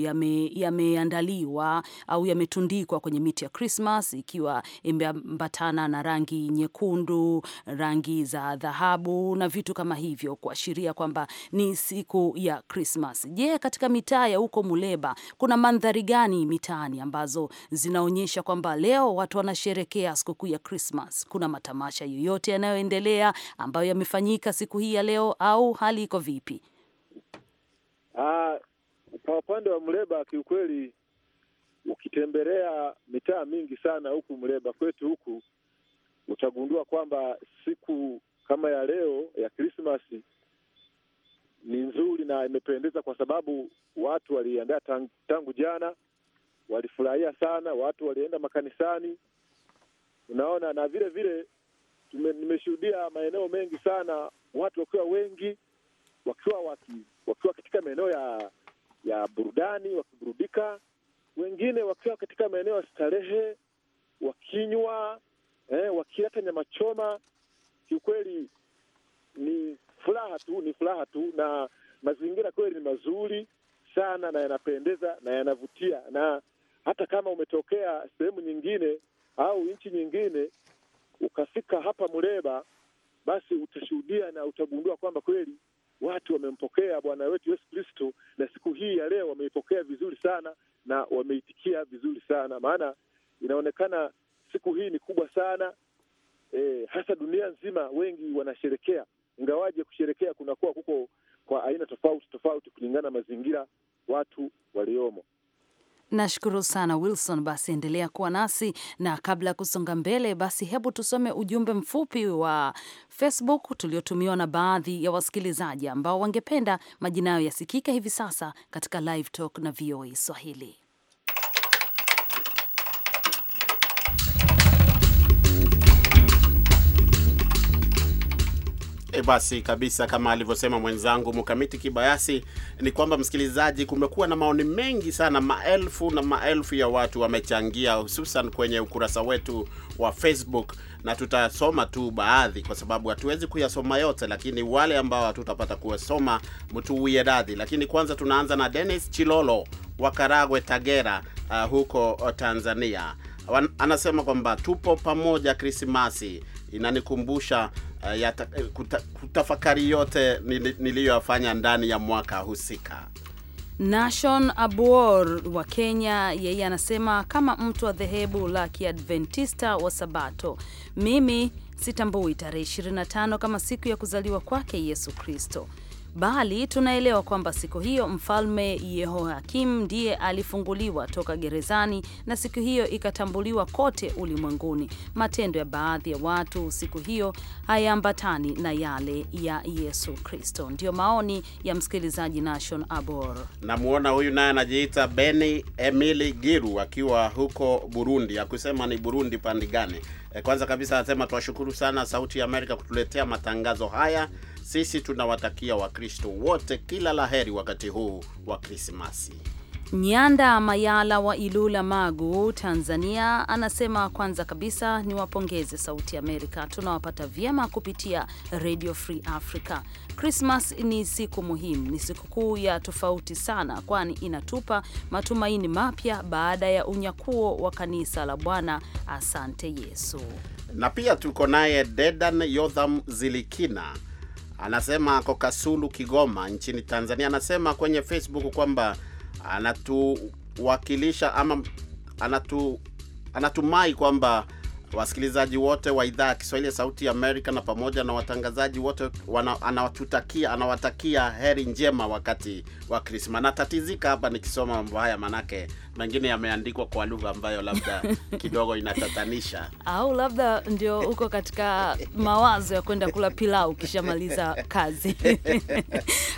yameandaliwa yame au yametundikwa kwenye miti ya Krismas ikiwa imeambatana na rangi nyekundu, rangi za dhahabu na vitu kama hivyo kuashiria kwamba ni siku ya Krismas. Je, katika mitaa ya huko Muleba kuna mandhari gani mitaani ambazo zinaonyesha kwamba leo watu wanasherekea sikukuu ya Krismas? Kuna matamasha yoyote yanayoendelea ambayo yamefanyika siku hii ya leo au hali iko vipi? Aa, ah, kwa upande wa Mleba, kiukweli, ukitembelea mitaa mingi sana huku Mleba kwetu huku utagundua kwamba siku kama ya leo ya Krismasi ni nzuri na imependeza kwa sababu watu waliandaa tangu, tangu jana, walifurahia sana, watu walienda makanisani, unaona, na vile vile nimeshuhudia maeneo mengi sana watu wakiwa wengi, wakiwa waki wakiwa katika maeneo ya ya burudani wakiburudika, wengine wakiwa katika maeneo ya starehe wakinywa, eh, wakileta nyama choma. Kiukweli ni furaha tu, ni furaha tu, na mazingira kweli ni mazuri sana na yanapendeza na yanavutia, na hata kama umetokea sehemu nyingine au nchi nyingine ukafika hapa Muleba, basi utashuhudia na utagundua kwamba kweli watu wamempokea Bwana wetu Yesu Kristo, na siku hii ya leo wameipokea vizuri sana na wameitikia vizuri sana, maana inaonekana siku hii ni kubwa sana e, hasa dunia nzima wengi wanasherekea, ingawaje kusherekea kunakuwa kuko kwa aina tofauti tofauti kulingana na mazingira watu waliomo. Nashukuru sana Wilson. Basi endelea kuwa nasi, na kabla ya kusonga mbele, basi hebu tusome ujumbe mfupi wa Facebook tuliotumiwa na baadhi ya wasikilizaji ambao wangependa majina yao yasikike hivi sasa katika Live Talk na VOA Swahili. E, basi kabisa kama alivyosema mwenzangu Mkamiti Kibayasi ni kwamba msikilizaji, kumekuwa na maoni mengi sana, maelfu na maelfu ya watu wamechangia, hususan kwenye ukurasa wetu wa Facebook na tutasoma tu baadhi kwa sababu hatuwezi kuyasoma yote, lakini wale ambao hatutapata kuwasoma mtuwie radhi. Lakini kwanza tunaanza na Dennis Chilolo wa Karagwe, Tagera, uh, huko oh, Tanzania. Anasema kwamba tupo pamoja, Krismasi inanikumbusha uh, eh, ya eh, kuta, kutafakari yote niliyoyafanya ndani ya mwaka husika. Nashon Abuor wa Kenya, yeye anasema kama mtu wa dhehebu la Kiadventista wa Sabato, mimi sitambui tarehe 25 kama siku ya kuzaliwa kwake Yesu Kristo bali tunaelewa kwamba siku hiyo Mfalme Yehoakim ndiye alifunguliwa toka gerezani na siku hiyo ikatambuliwa kote ulimwenguni. Matendo ya baadhi ya watu siku hiyo hayaambatani na yale ya Yesu Kristo. Ndiyo maoni ya msikilizaji Nation Abor. Namwona huyu naye anajiita Beni Emili Giru akiwa huko Burundi, akusema ni Burundi pande gani? Eh, kwanza kabisa anasema tuwashukuru sana Sauti ya Amerika kutuletea matangazo haya sisi tunawatakia Wakristo wote kila laheri wakati huu wa Krismasi. Nyanda Mayala wa Ilula, Magu, Tanzania, anasema kwanza kabisa ni wapongeze Sauti Amerika, tunawapata vyema kupitia Radio Free Africa. Krismas ni siku muhimu, ni sikukuu ya tofauti sana, kwani inatupa matumaini mapya baada ya unyakuo wa kanisa la Bwana. Asante Yesu. Na pia tuko naye Dedan Yotham Zilikina anasema ako Kasulu, Kigoma nchini Tanzania. Anasema kwenye Facebook kwamba anatuwakilisha ama anatu, anatumai kwamba wasikilizaji wote wa idhaa ya Kiswahili ya Sauti ya Amerika na pamoja na watangazaji wote wana, anawatakia anawatakia heri njema wakati wa Krisma. Natatizika hapa nikisoma mambo haya, manake mengine yameandikwa kwa lugha ambayo labda kidogo inatatanisha, au labda ndio uko katika mawazo ya kwenda kula pilau ukishamaliza kazi.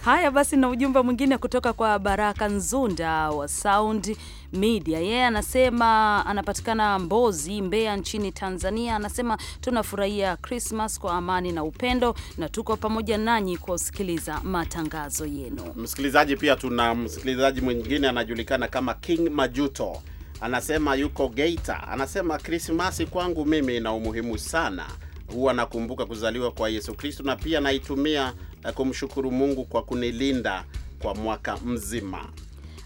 Haya basi, na ujumbe mwingine kutoka kwa Baraka Nzunda wa Sound Media. Yeye yeah, anasema anapatikana Mbozi, Mbeya nchini Tanzania. Anasema tunafurahia Christmas kwa amani na upendo, na tuko pamoja nanyi kusikiliza matangazo yenu. Msikilizaji, pia tuna msikilizaji mwingine anajulikana kama King Majuto anasema yuko Geita, anasema Krismasi kwangu mimi ina umuhimu sana, huwa nakumbuka kuzaliwa kwa Yesu Kristo na pia naitumia eh, kumshukuru Mungu kwa kunilinda kwa mwaka mzima.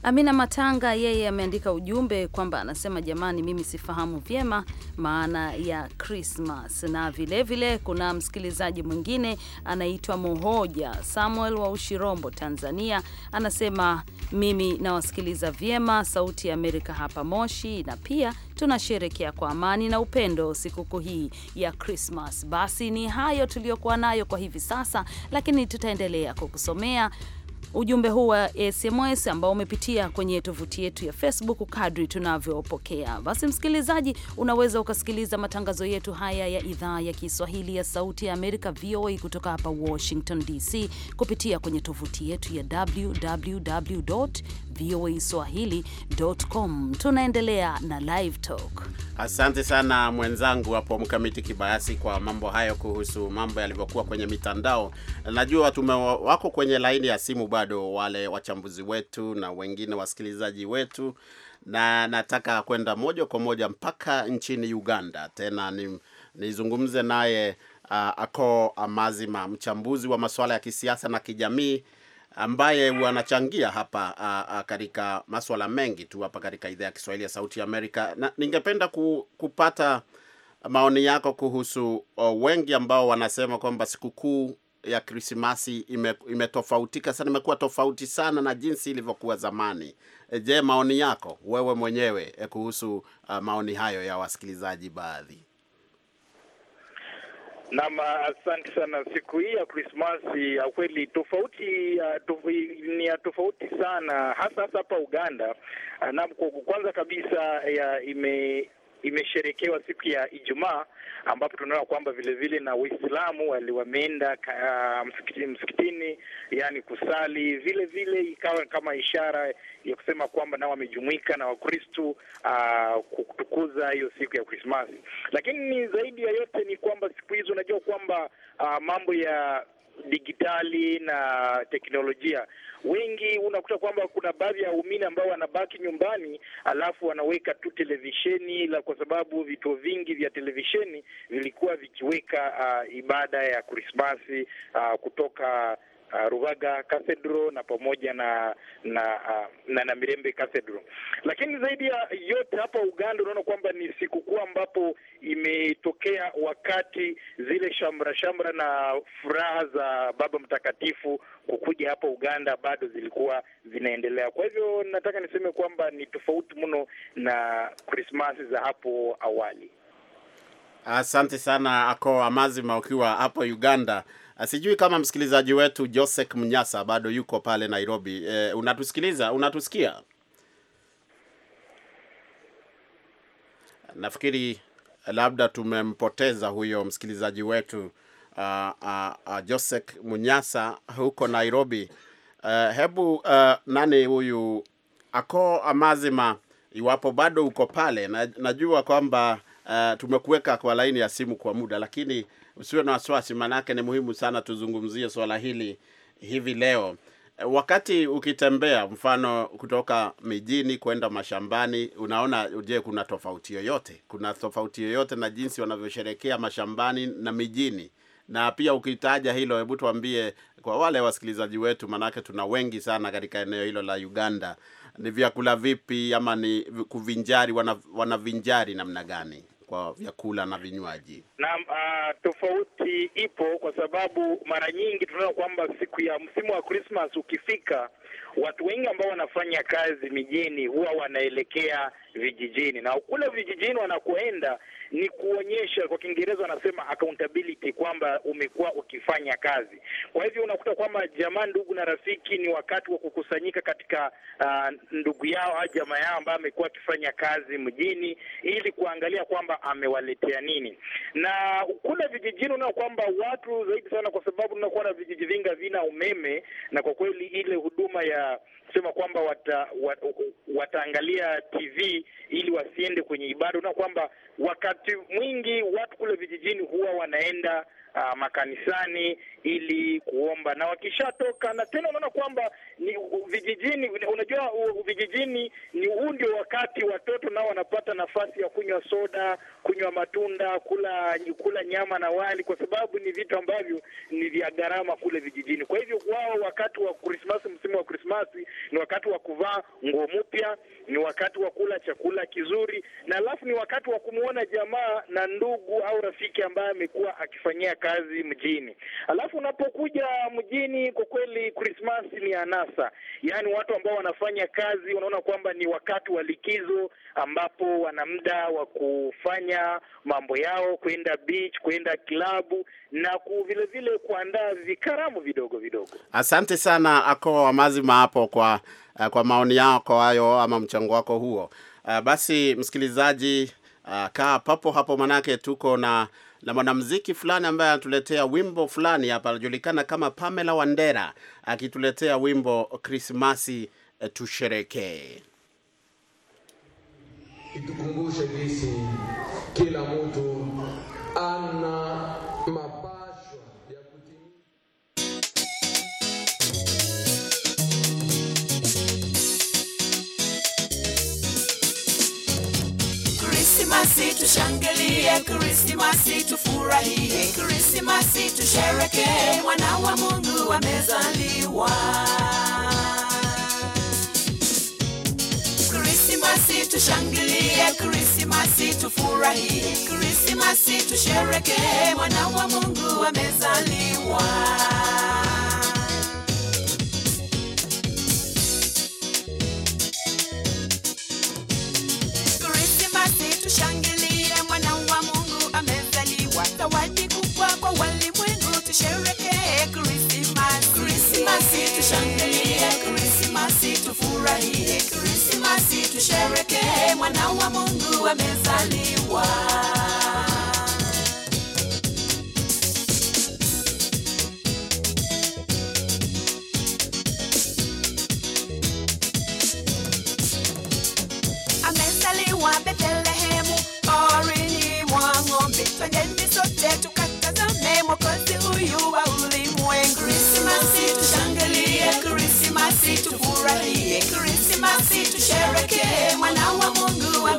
Amina Matanga yeye ameandika ujumbe kwamba anasema, jamani, mimi sifahamu vyema maana ya Krismas. Na vilevile vile, kuna msikilizaji mwingine anaitwa Mohoja Samuel wa Ushirombo, Tanzania, anasema mimi nawasikiliza vyema Sauti ya Amerika hapa Moshi, na pia tunasherekea kwa amani na upendo sikukuu hii ya Krismas. Basi ni hayo tuliyokuwa nayo kwa hivi sasa, lakini tutaendelea kukusomea ujumbe huu wa SMS ambao umepitia kwenye tovuti yetu ya Facebook kadri tunavyopokea. Basi msikilizaji, unaweza ukasikiliza matangazo yetu haya ya idhaa ya Kiswahili ya Sauti ya Amerika, VOA, kutoka hapa Washington DC, kupitia kwenye tovuti yetu ya www voaswahili.com. Tunaendelea na live talk. Asante sana mwenzangu hapo Mkamiti Kibayasi kwa mambo hayo kuhusu mambo yalivyokuwa kwenye mitandao. Najua tume wako kwenye laini ya simu bado wale wachambuzi wetu na wengine wasikilizaji wetu, na nataka kwenda moja kwa moja mpaka nchini Uganda tena nizungumze ni naye uh, Ako Amazima, mchambuzi wa masuala ya kisiasa na kijamii ambaye wanachangia hapa katika maswala mengi tu hapa katika idhaa ya Kiswahili ya Sauti ya Amerika, na ningependa ku, kupata maoni yako kuhusu o, wengi ambao wanasema kwamba sikukuu ya Krismasi ime, imetofautika sana, imekuwa tofauti sana na jinsi ilivyokuwa zamani. E, je, maoni yako wewe mwenyewe e, kuhusu maoni hayo ya wasikilizaji baadhi? Naam, asante sana. Siku hii ya Krismasi ya kweli tofauti ya tof, ni ya tofauti sana, hasa hasa hapa Uganda. Naam, kwanza kabisa ya ime imesherekewa siku ya Ijumaa ambapo tunaona kwamba vile vile na Waislamu waliwameenda uh, msikitini, msikitini yani kusali vile vile, ikawa kama ishara ya kusema kwamba nao wamejumuika na Wakristu uh, kutukuza hiyo siku ya Krismasi. Lakini ni zaidi ya yote ni kwamba siku hizo unajua kwamba uh, mambo ya digitali na teknolojia wengi unakuta kwamba kuna baadhi ya waumini ambao wanabaki nyumbani, alafu wanaweka tu televisheni la, kwa sababu vituo vingi vya televisheni vilikuwa vikiweka uh, ibada ya Krismasi uh, kutoka Uh, Ruvaga Cathedral na pamoja na na uh, na, na Mirembe Cathedral. Lakini zaidi ya yote hapa Uganda unaona kwamba ni sikukuu ambapo imetokea wakati zile shamra shamra na furaha za Baba Mtakatifu kukuja hapa Uganda bado zilikuwa zinaendelea. Kwa hivyo nataka niseme kwamba ni tofauti mno na Krismasi za hapo awali. Asante sana Ako Amazima ukiwa hapo Uganda. Ah, sijui kama msikilizaji wetu josek Mnyasa bado yuko pale Nairobi. E, unatusikiliza? Unatusikia? Nafikiri labda tumempoteza huyo msikilizaji wetu uh, uh, uh, Josek Munyasa huko Nairobi. Uh, hebu uh, nani huyu Ako Amazima, iwapo bado uko pale najua kwamba uh, tumekuweka kwa laini ya simu kwa muda, lakini usiwe na wasiwasi, manake ni muhimu sana tuzungumzie swala hili hivi leo. Eh, wakati ukitembea mfano kutoka mijini kwenda mashambani, unaona je, kuna tofauti yoyote? Kuna tofauti yoyote na jinsi wanavyosherekea mashambani na mijini? Na pia ukitaja hilo, hebu tuambie kwa wale wasikilizaji wetu, maanake tuna wengi sana katika eneo hilo la Uganda, ni vyakula vipi ama ni kuvinjari, wanavinjari namna gani? kwa vyakula na vinywaji? Naam, uh, tofauti ipo kwa sababu mara nyingi tunaona kwamba siku ya msimu wa Christmas ukifika watu wengi ambao wanafanya kazi mijini huwa wanaelekea vijijini, na kule vijijini wanakoenda ni kuonyesha, kwa Kiingereza wanasema accountability, kwamba umekuwa ukifanya kazi. Kwa hivyo unakuta kwamba jamaa, ndugu na rafiki, ni wakati wa kukusanyika katika uh, ndugu yao au jamaa yao ambaye amekuwa akifanya kazi mjini, ili kuangalia kwamba amewaletea nini, na kule vijijini unao kwamba watu zaidi sana, kwa sababu tunakuwa na vijiji vingi vina umeme, na kwa kweli ile huduma ya kusema kwamba wata, wat, wataangalia TV ili wasiende kwenye ibada, na kwamba wakati wakati mwingi watu kule vijijini huwa wanaenda uh, makanisani ili kuomba, na wakishatoka na tena, unaona kwamba ni vijijini, unajua vijijini ni huu ndio wakati watoto nao wanapata nafasi ya kunywa soda, kunywa matunda, kula kula nyama na wali, kwa sababu ni vitu ambavyo ni vya gharama kule vijijini. Kwa hivyo wao, wakati wa Krismasi, msimu wa Krismasi ni wakati wa kuvaa nguo mpya, ni wakati wa kula chakula kizuri, na alafu ni wakati wa kumwona jamaa na ndugu au rafiki ambaye amekuwa akifanyia kazi kazi mjini. Alafu unapokuja mjini, kwa kweli Christmas ni anasa, yaani watu ambao wanafanya kazi wanaona kwamba ni wakati wa likizo ambapo wana muda wa kufanya mambo yao, kwenda beach, kwenda klabu na vile vile kuandaa vikaramu vidogo vidogo. Asante sana Ako Wamazima hapo kwa eh, kwa maoni yako hayo ama mchango wako huo. Eh, basi msikilizaji, ah, kaa papo hapo, manake tuko na na mwanamziki fulani ambaye anatuletea wimbo fulani hapa, anajulikana kama Pamela Wandera akituletea wimbo Krismasi eh, Tusherekee. Itukumbushe sisi kila mtu tushangilie Krismasi, tufurahie mwana wa Mungu amezaliwa. tushangilie Krismasi, tufurahie mwana wa Mungu amezaliwa. tufurahie Krismasi, tusherekee mwana wa Mungu amezaliwa. Amezaliwa Betlehemu, porini mwa ng'ombe, twendeni sote tu basi tusherekee mwana wa Mungu wa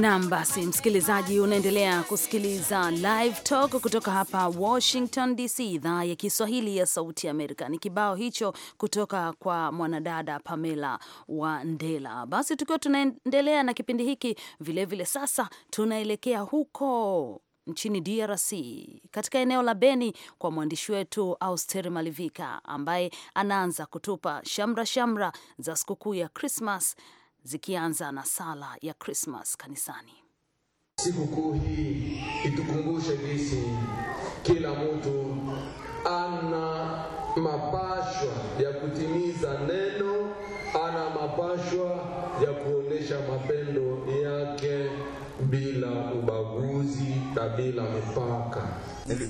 Nam, basi msikilizaji, unaendelea kusikiliza Live Talk kutoka hapa Washington DC, idhaa ya Kiswahili ya Sauti Amerika. Ni kibao hicho kutoka kwa mwanadada Pamela wa ndela Basi tukiwa tunaendelea na kipindi hiki vilevile vile, sasa tunaelekea huko nchini DRC katika eneo la Beni kwa mwandishi wetu Auster Malivika ambaye anaanza kutupa shamra shamra za sikukuu ya Krismas zikianza na sala ya Krismas kanisani. Sikukuu hii itukumbushe jinsi kila mtu ana mapashwa ya kutimiza neno, ana mapashwa ya kuonyesha mapendo yake bila ubaguzi na bila mipaka.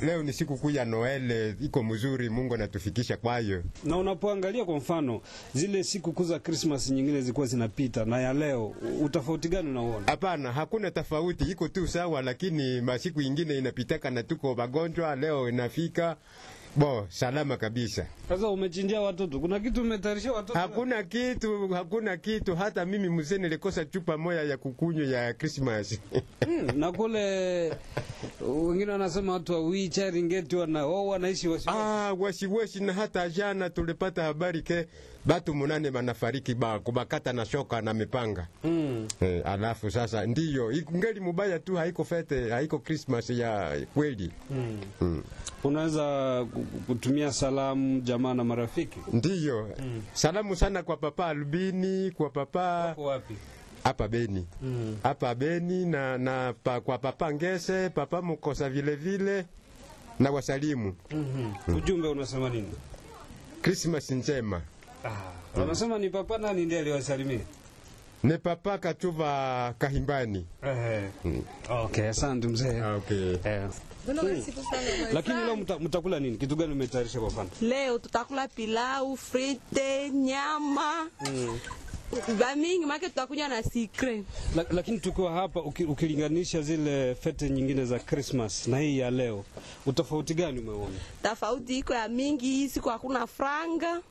Leo ni siku kuu ya Noel, iko mzuri, Mungu anatufikisha kwayo. Na unapoangalia kwa mfano zile siku kuu za Christmas nyingine zilikuwa zinapita na ya leo, utofauti gani unaona? Hapana, hakuna tofauti, iko tu sawa, lakini masiku ingine inapitaka na tuko wagonjwa, leo inafika Bo, salama kabisa. Sasa umechinjia watoto. Kuna kitu umetayarisha watoto? Hakuna na... kitu, hakuna kitu. Hata mimi mzee nilikosa chupa moja ya kukunywa ya Christmas. Hmm, na kule wengine wanasema watu wa wheelchair ngeti wana wao wanaishi wasiwasi. Ah, wasiwasi na hata jana tulipata habari ke batu munane banafariki ba kubakata na shoka na mipanga mm. E, alafu sasa ndiyo ngeli mubaya tu, haiko fete, haiko Christmas ya kweli mm. mm. Unaweza kutumia salamu jamaa na marafiki ndiyo mm. Salamu sana kwa papa Albini, kwa papa wako wapi hapa Beni hmm. hapa mm. Beni na, na pa, kwa papa Ngese, papa Mukosa vilevile vile, na wasalimu mm -hmm. Ujumbe unasema nini? Christmas njema. Ah, wanasema ni papa nani ndiye aliwasalimia? Ni papa Kachuva Kahimbani. Eh. Mm. Okay, asante mzee. Ah, Okay. Eh. Hmm. Lakini leo mtakula nini? Kitu gani umetayarisha kwa mfano? Leo tutakula pilau, frite, nyama. Mm. Bamingi make tutakunywa na sikre. La, lakini tukiwa hapa ukilinganisha zile fete nyingine za Christmas na hii ya leo, utofauti gani umeona? Tofauti iko ya mingi, hii siku hakuna franga. Mm.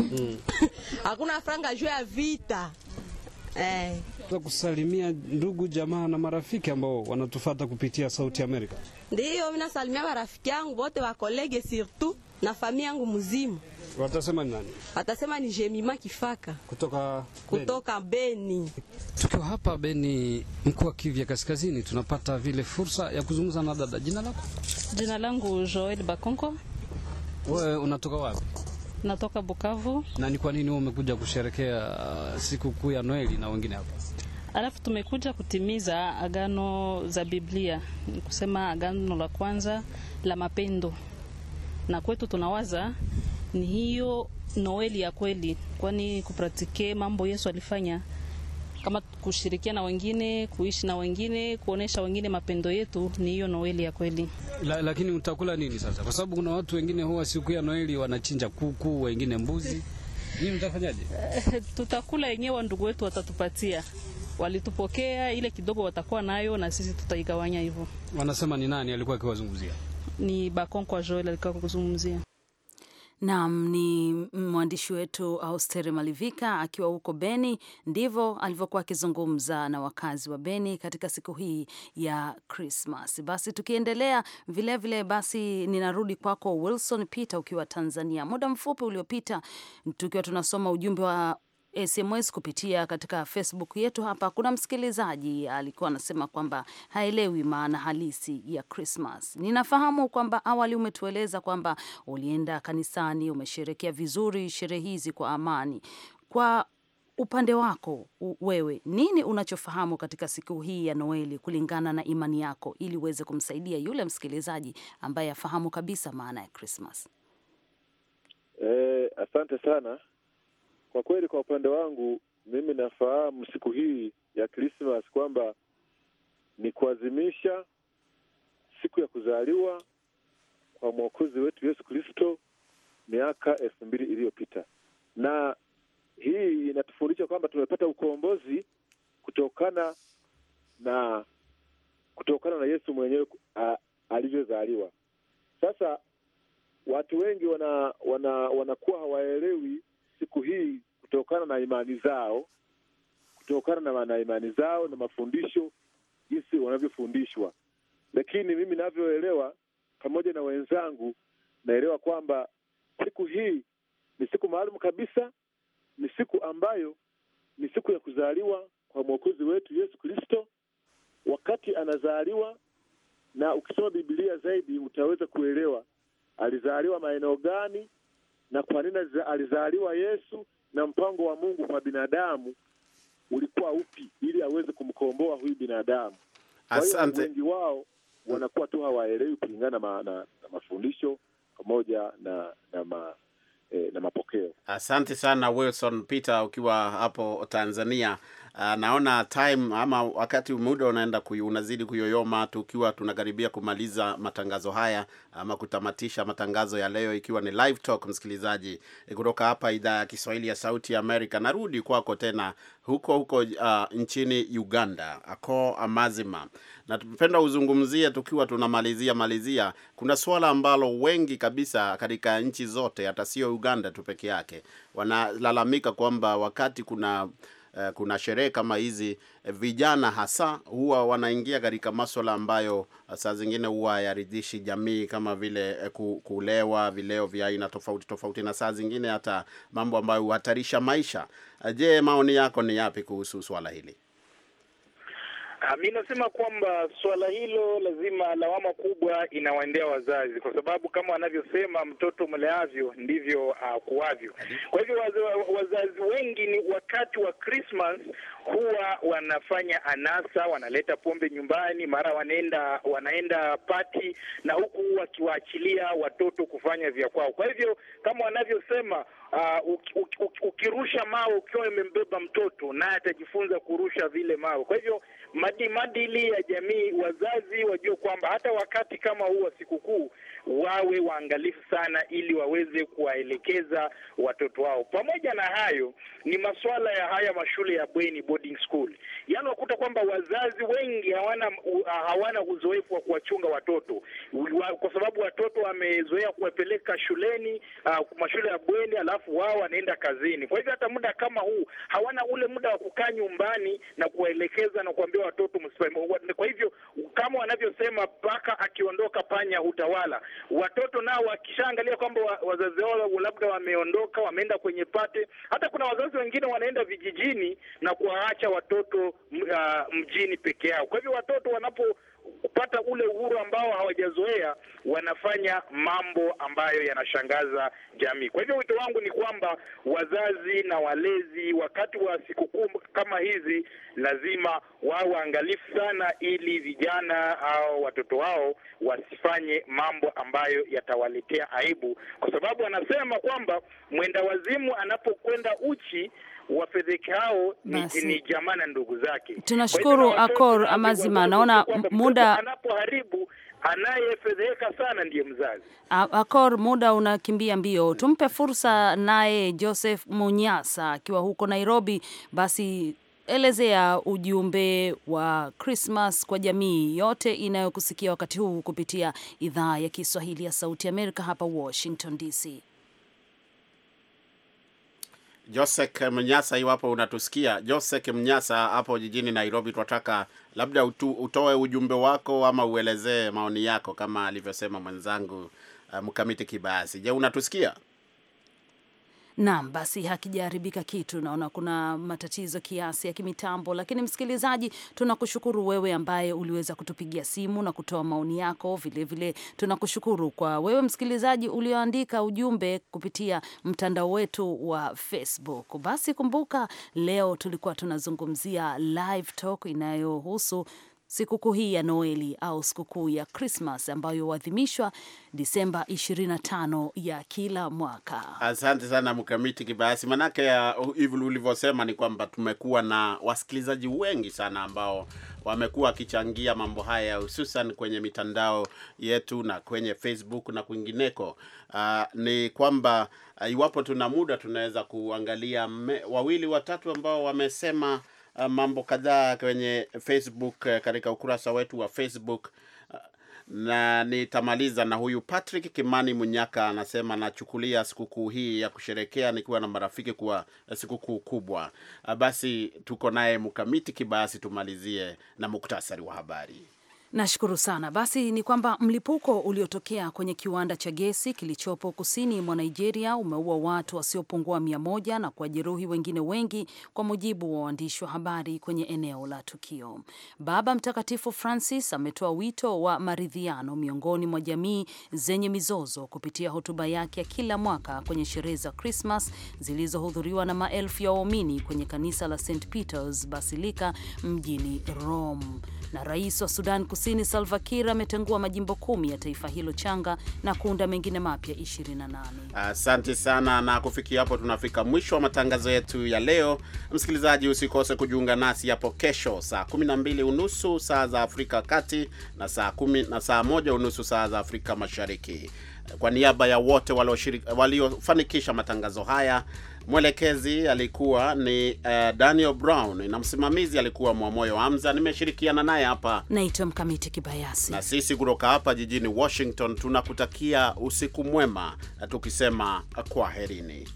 Mm. hakuna franga juu ya vita eh. Kusalimia ndugu jamaa na marafiki ambao wanatufata kupitia Sauti Amerika. Ndiyo, mimi nasalimia marafiki yangu wote wa kolege surtout na familia yangu mzima. Watasema ni nani? Watasema ni Jemima Kifaka kutoka Beni. Kutoka Beni. Tukiwa hapa Beni, mkoa wa Kivu Kaskazini, tunapata vile fursa ya kuzungumza na dada. Jina lako? Jina langu Joel Bakonko. Wewe unatoka wapi? natoka Bukavu. Na ni kwa nini wewe umekuja kusherekea uh, sikukuu ya Noeli na wengine hapa? Alafu tumekuja kutimiza agano za Biblia, kusema agano la kwanza la mapendo, na kwetu tunawaza ni hiyo Noeli ya kweli, kwani kupratike mambo Yesu alifanya kama kushirikiana na wengine, kuishi na wengine, kuonesha wengine mapendo yetu, ni hiyo Noeli ya kweli. La, lakini utakula nini sasa? Kwa sababu kuna watu wengine huwa siku ya Noeli wanachinja kuku, wengine mbuzi. Nini mtafanyaje? Eh, tutakula yenyewe ndugu wetu watatupatia walitupokea ile kidogo watakuwa nayo na sisi tutaigawanya hivyo. Wanasema ni nani alikuwa akiwazungumzia? Ni Bakonkwa Joel alikuwa akizungumzia. Naam, ni mwandishi wetu austeri Malivika akiwa huko Beni. Ndivyo alivyokuwa akizungumza na wakazi wa Beni katika siku hii ya Krismas. Basi tukiendelea vilevile vile, basi ninarudi kwako Wilson Peter ukiwa Tanzania. Muda mfupi uliopita tukiwa tunasoma ujumbe wa SMS kupitia katika Facebook yetu hapa. Kuna msikilizaji alikuwa anasema kwamba haelewi maana halisi ya Christmas. Ninafahamu kwamba awali umetueleza kwamba ulienda kanisani, umesherekea vizuri sherehe hizi kwa amani. Kwa upande wako wewe, nini unachofahamu katika siku hii ya Noeli kulingana na imani yako, ili uweze kumsaidia yule msikilizaji ambaye afahamu kabisa maana ya Christmas? Eh, asante sana. Kwa kweli, kwa upande wangu mimi nafahamu siku hii ya Krismas kwamba ni kuadhimisha siku ya kuzaliwa kwa mwokozi wetu Yesu Kristo miaka elfu mbili iliyopita, na hii inatufundisha kwamba tumepata ukombozi kutokana na kutokana na Yesu mwenyewe alivyozaliwa. Sasa watu wengi wana- wanakuwa wana hawaelewi siku hii kutokana na imani zao, kutokana na imani zao na mafundisho jinsi wanavyofundishwa. Lakini mimi navyoelewa, pamoja na wenzangu, naelewa kwamba siku hii ni siku maalum kabisa, ni siku ambayo ni siku ya kuzaliwa kwa mwokozi wetu Yesu Kristo. Wakati anazaliwa, na ukisoma Biblia zaidi utaweza kuelewa alizaliwa maeneo gani na kwa nini alizaliwa Yesu na mpango wa Mungu kwa binadamu ulikuwa upi, ili aweze kumkomboa huyu binadamu. Asante. Wengi wao wanakuwa tu hawaelewi kulingana na, na mafundisho pamoja na na, ma, eh, na mapokeo. Asante sana Wilson Peter ukiwa hapo Tanzania. Ah, naona time ama wakati muda unaenda kuyu, unazidi kuyoyoma, tukiwa tunakaribia kumaliza matangazo haya ama kutamatisha matangazo ya leo, ikiwa ni live talk, msikilizaji, e, kutoka hapa idhaa ya Kiswahili ya Sauti ya Amerika. Narudi kwako tena huko huko uh, nchini Uganda, ako amazima, na tupenda uzungumzie, tukiwa tunamalizia malizia, kuna suala ambalo wengi kabisa katika nchi zote, hata sio Uganda tu peke yake, wanalalamika kwamba wakati kuna Eh, kuna sherehe kama hizi, eh, vijana hasa huwa wanaingia katika maswala ambayo eh, saa zingine huwa yaridhishi jamii kama vile kulewa, vileo vya aina tofauti tofauti, na saa zingine hata mambo ambayo huhatarisha maisha. Je, maoni yako ni yapi kuhusu swala hili? Ah, mi nasema kwamba suala hilo lazima, lawama kubwa inawaendea wazazi, kwa sababu kama wanavyosema mtoto mleavyo ndivyo akuavyo. Ah, uh, kwa hivyo wazazi wengi ni wakati wa Christmas huwa wanafanya anasa, wanaleta pombe nyumbani, mara wanaenda wanaenda pati, na huku wakiwaachilia watoto kufanya vya kwao. Kwa hivyo kama wanavyosema Uh, ukirusha mawe ukiwa imembeba mtoto naye atajifunza kurusha vile mawe. Kwa hivyo madimadili ya jamii, wazazi wajue kwamba hata wakati kama huu wa sikukuu wawe waangalifu sana, ili waweze kuwaelekeza watoto wao. Pamoja na hayo, ni masuala ya haya mashule ya bweni, boarding school, yaani wakuta kwamba wazazi wengi hawana uh, hawana uzoefu wa kuwachunga watoto wa, kwa sababu watoto wamezoea kuwapeleka shuleni uh, mashule ya bweni, alafu wao wanaenda kazini. Kwa hivyo hata muda kama huu hawana ule muda wa kukaa nyumbani na kuwaelekeza na kuambia watoto msipa. Kwa hivyo kama wanavyosema, paka akiondoka panya hutawala. Watoto nao wakishaangalia kwamba wazazi wao labda wameondoka, wameenda kwenye pate, hata kuna wazazi wengine wanaenda vijijini na kuwaacha watoto uh, mjini peke yao. Kwa hivyo watoto wanapo kupata ule uhuru ambao hawajazoea, wanafanya mambo ambayo yanashangaza jamii. Kwa hivyo wito wangu ni kwamba wazazi na walezi, wakati wa sikukuu kama hizi, lazima wawe waangalifu sana, ili vijana au watoto wao wasifanye mambo ambayo yatawaletea aibu, kwa sababu anasema kwamba mwenda wazimu anapokwenda uchi wafedheki hao ni jamaa na ndugu zake. Tunashukuru Akor Amazima, naona muda anapoharibu anayefedheka sana ndiye mzazi. Akor, muda unakimbia mbio, tumpe fursa naye Joseph Munyasa akiwa huko Nairobi. Basi elezea ujumbe wa crismas kwa jamii yote inayokusikia wakati huu kupitia idhaa ya Kiswahili ya Sauti Amerika hapa Washington DC. Josek Mnyasa, iwapo unatusikia Josek Mnyasa hapo jijini Nairobi, tunataka labda utu, utoe ujumbe wako ama uelezee maoni yako kama alivyosema mwenzangu uh, Mkamiti Kibayasi. Je, unatusikia? Naam, basi hakijaharibika kitu. Naona kuna matatizo kiasi ya kimitambo, lakini msikilizaji, tunakushukuru wewe ambaye uliweza kutupigia simu na kutoa maoni yako. Vilevile tunakushukuru kwa wewe msikilizaji ulioandika ujumbe kupitia mtandao wetu wa Facebook. Basi kumbuka, leo tulikuwa tunazungumzia live talk inayohusu sikukuu hii ya Noeli au sikukuu ya Krismas ambayo huadhimishwa Disemba 25 ya kila mwaka. Asante sana Mkamiti Kibayasi, manake hivi ulivyosema ni kwamba tumekuwa na wasikilizaji wengi sana ambao wamekuwa wakichangia mambo haya hususan kwenye mitandao yetu na kwenye Facebook na kwingineko. Uh, ni kwamba ah, iwapo tuna muda tunaweza kuangalia me, wawili watatu ambao wamesema Ah, mambo kadhaa kwenye Facebook, eh, katika ukurasa wetu wa Facebook ah, na nitamaliza na huyu Patrick Kimani Munyaka anasema, nachukulia sikukuu hii ya kusherekea nikiwa na marafiki kuwa eh, sikukuu kubwa. Ah, basi tuko naye Mkamiti Kibayasi, tumalizie na muktasari wa habari. Nashukuru sana. Basi ni kwamba mlipuko uliotokea kwenye kiwanda cha gesi kilichopo kusini mwa Nigeria umeua watu wasiopungua mia moja na kuwajeruhi wengine wengi, kwa mujibu wa waandishi wa habari kwenye eneo la tukio. Baba Mtakatifu Francis ametoa wito wa maridhiano miongoni mwa jamii zenye mizozo kupitia hotuba yake ya kila mwaka kwenye sherehe za Krismas zilizohudhuriwa na maelfu ya waumini kwenye kanisa la St Peters Basilica mjini Rome na rais wa Sudan Kusini Salva Kiir ametengua majimbo kumi ya taifa hilo changa na kuunda mengine mapya 28. Asante sana, na kufikia hapo tunafika mwisho wa matangazo yetu ya leo. Msikilizaji, usikose kujiunga nasi hapo kesho saa 12 unusu saa za Afrika Kati na saa 10 na saa moja unusu saa za Afrika Mashariki. Kwa niaba ya wote waliofanikisha matangazo haya Mwelekezi alikuwa ni uh, Daniel Brown na msimamizi alikuwa Mwamoyo Hamza. Nimeshirikiana naye hapa, naitwa Mkamiti Kibayasi, na sisi kutoka hapa jijini Washington tunakutakia usiku mwema tukisema kwaherini.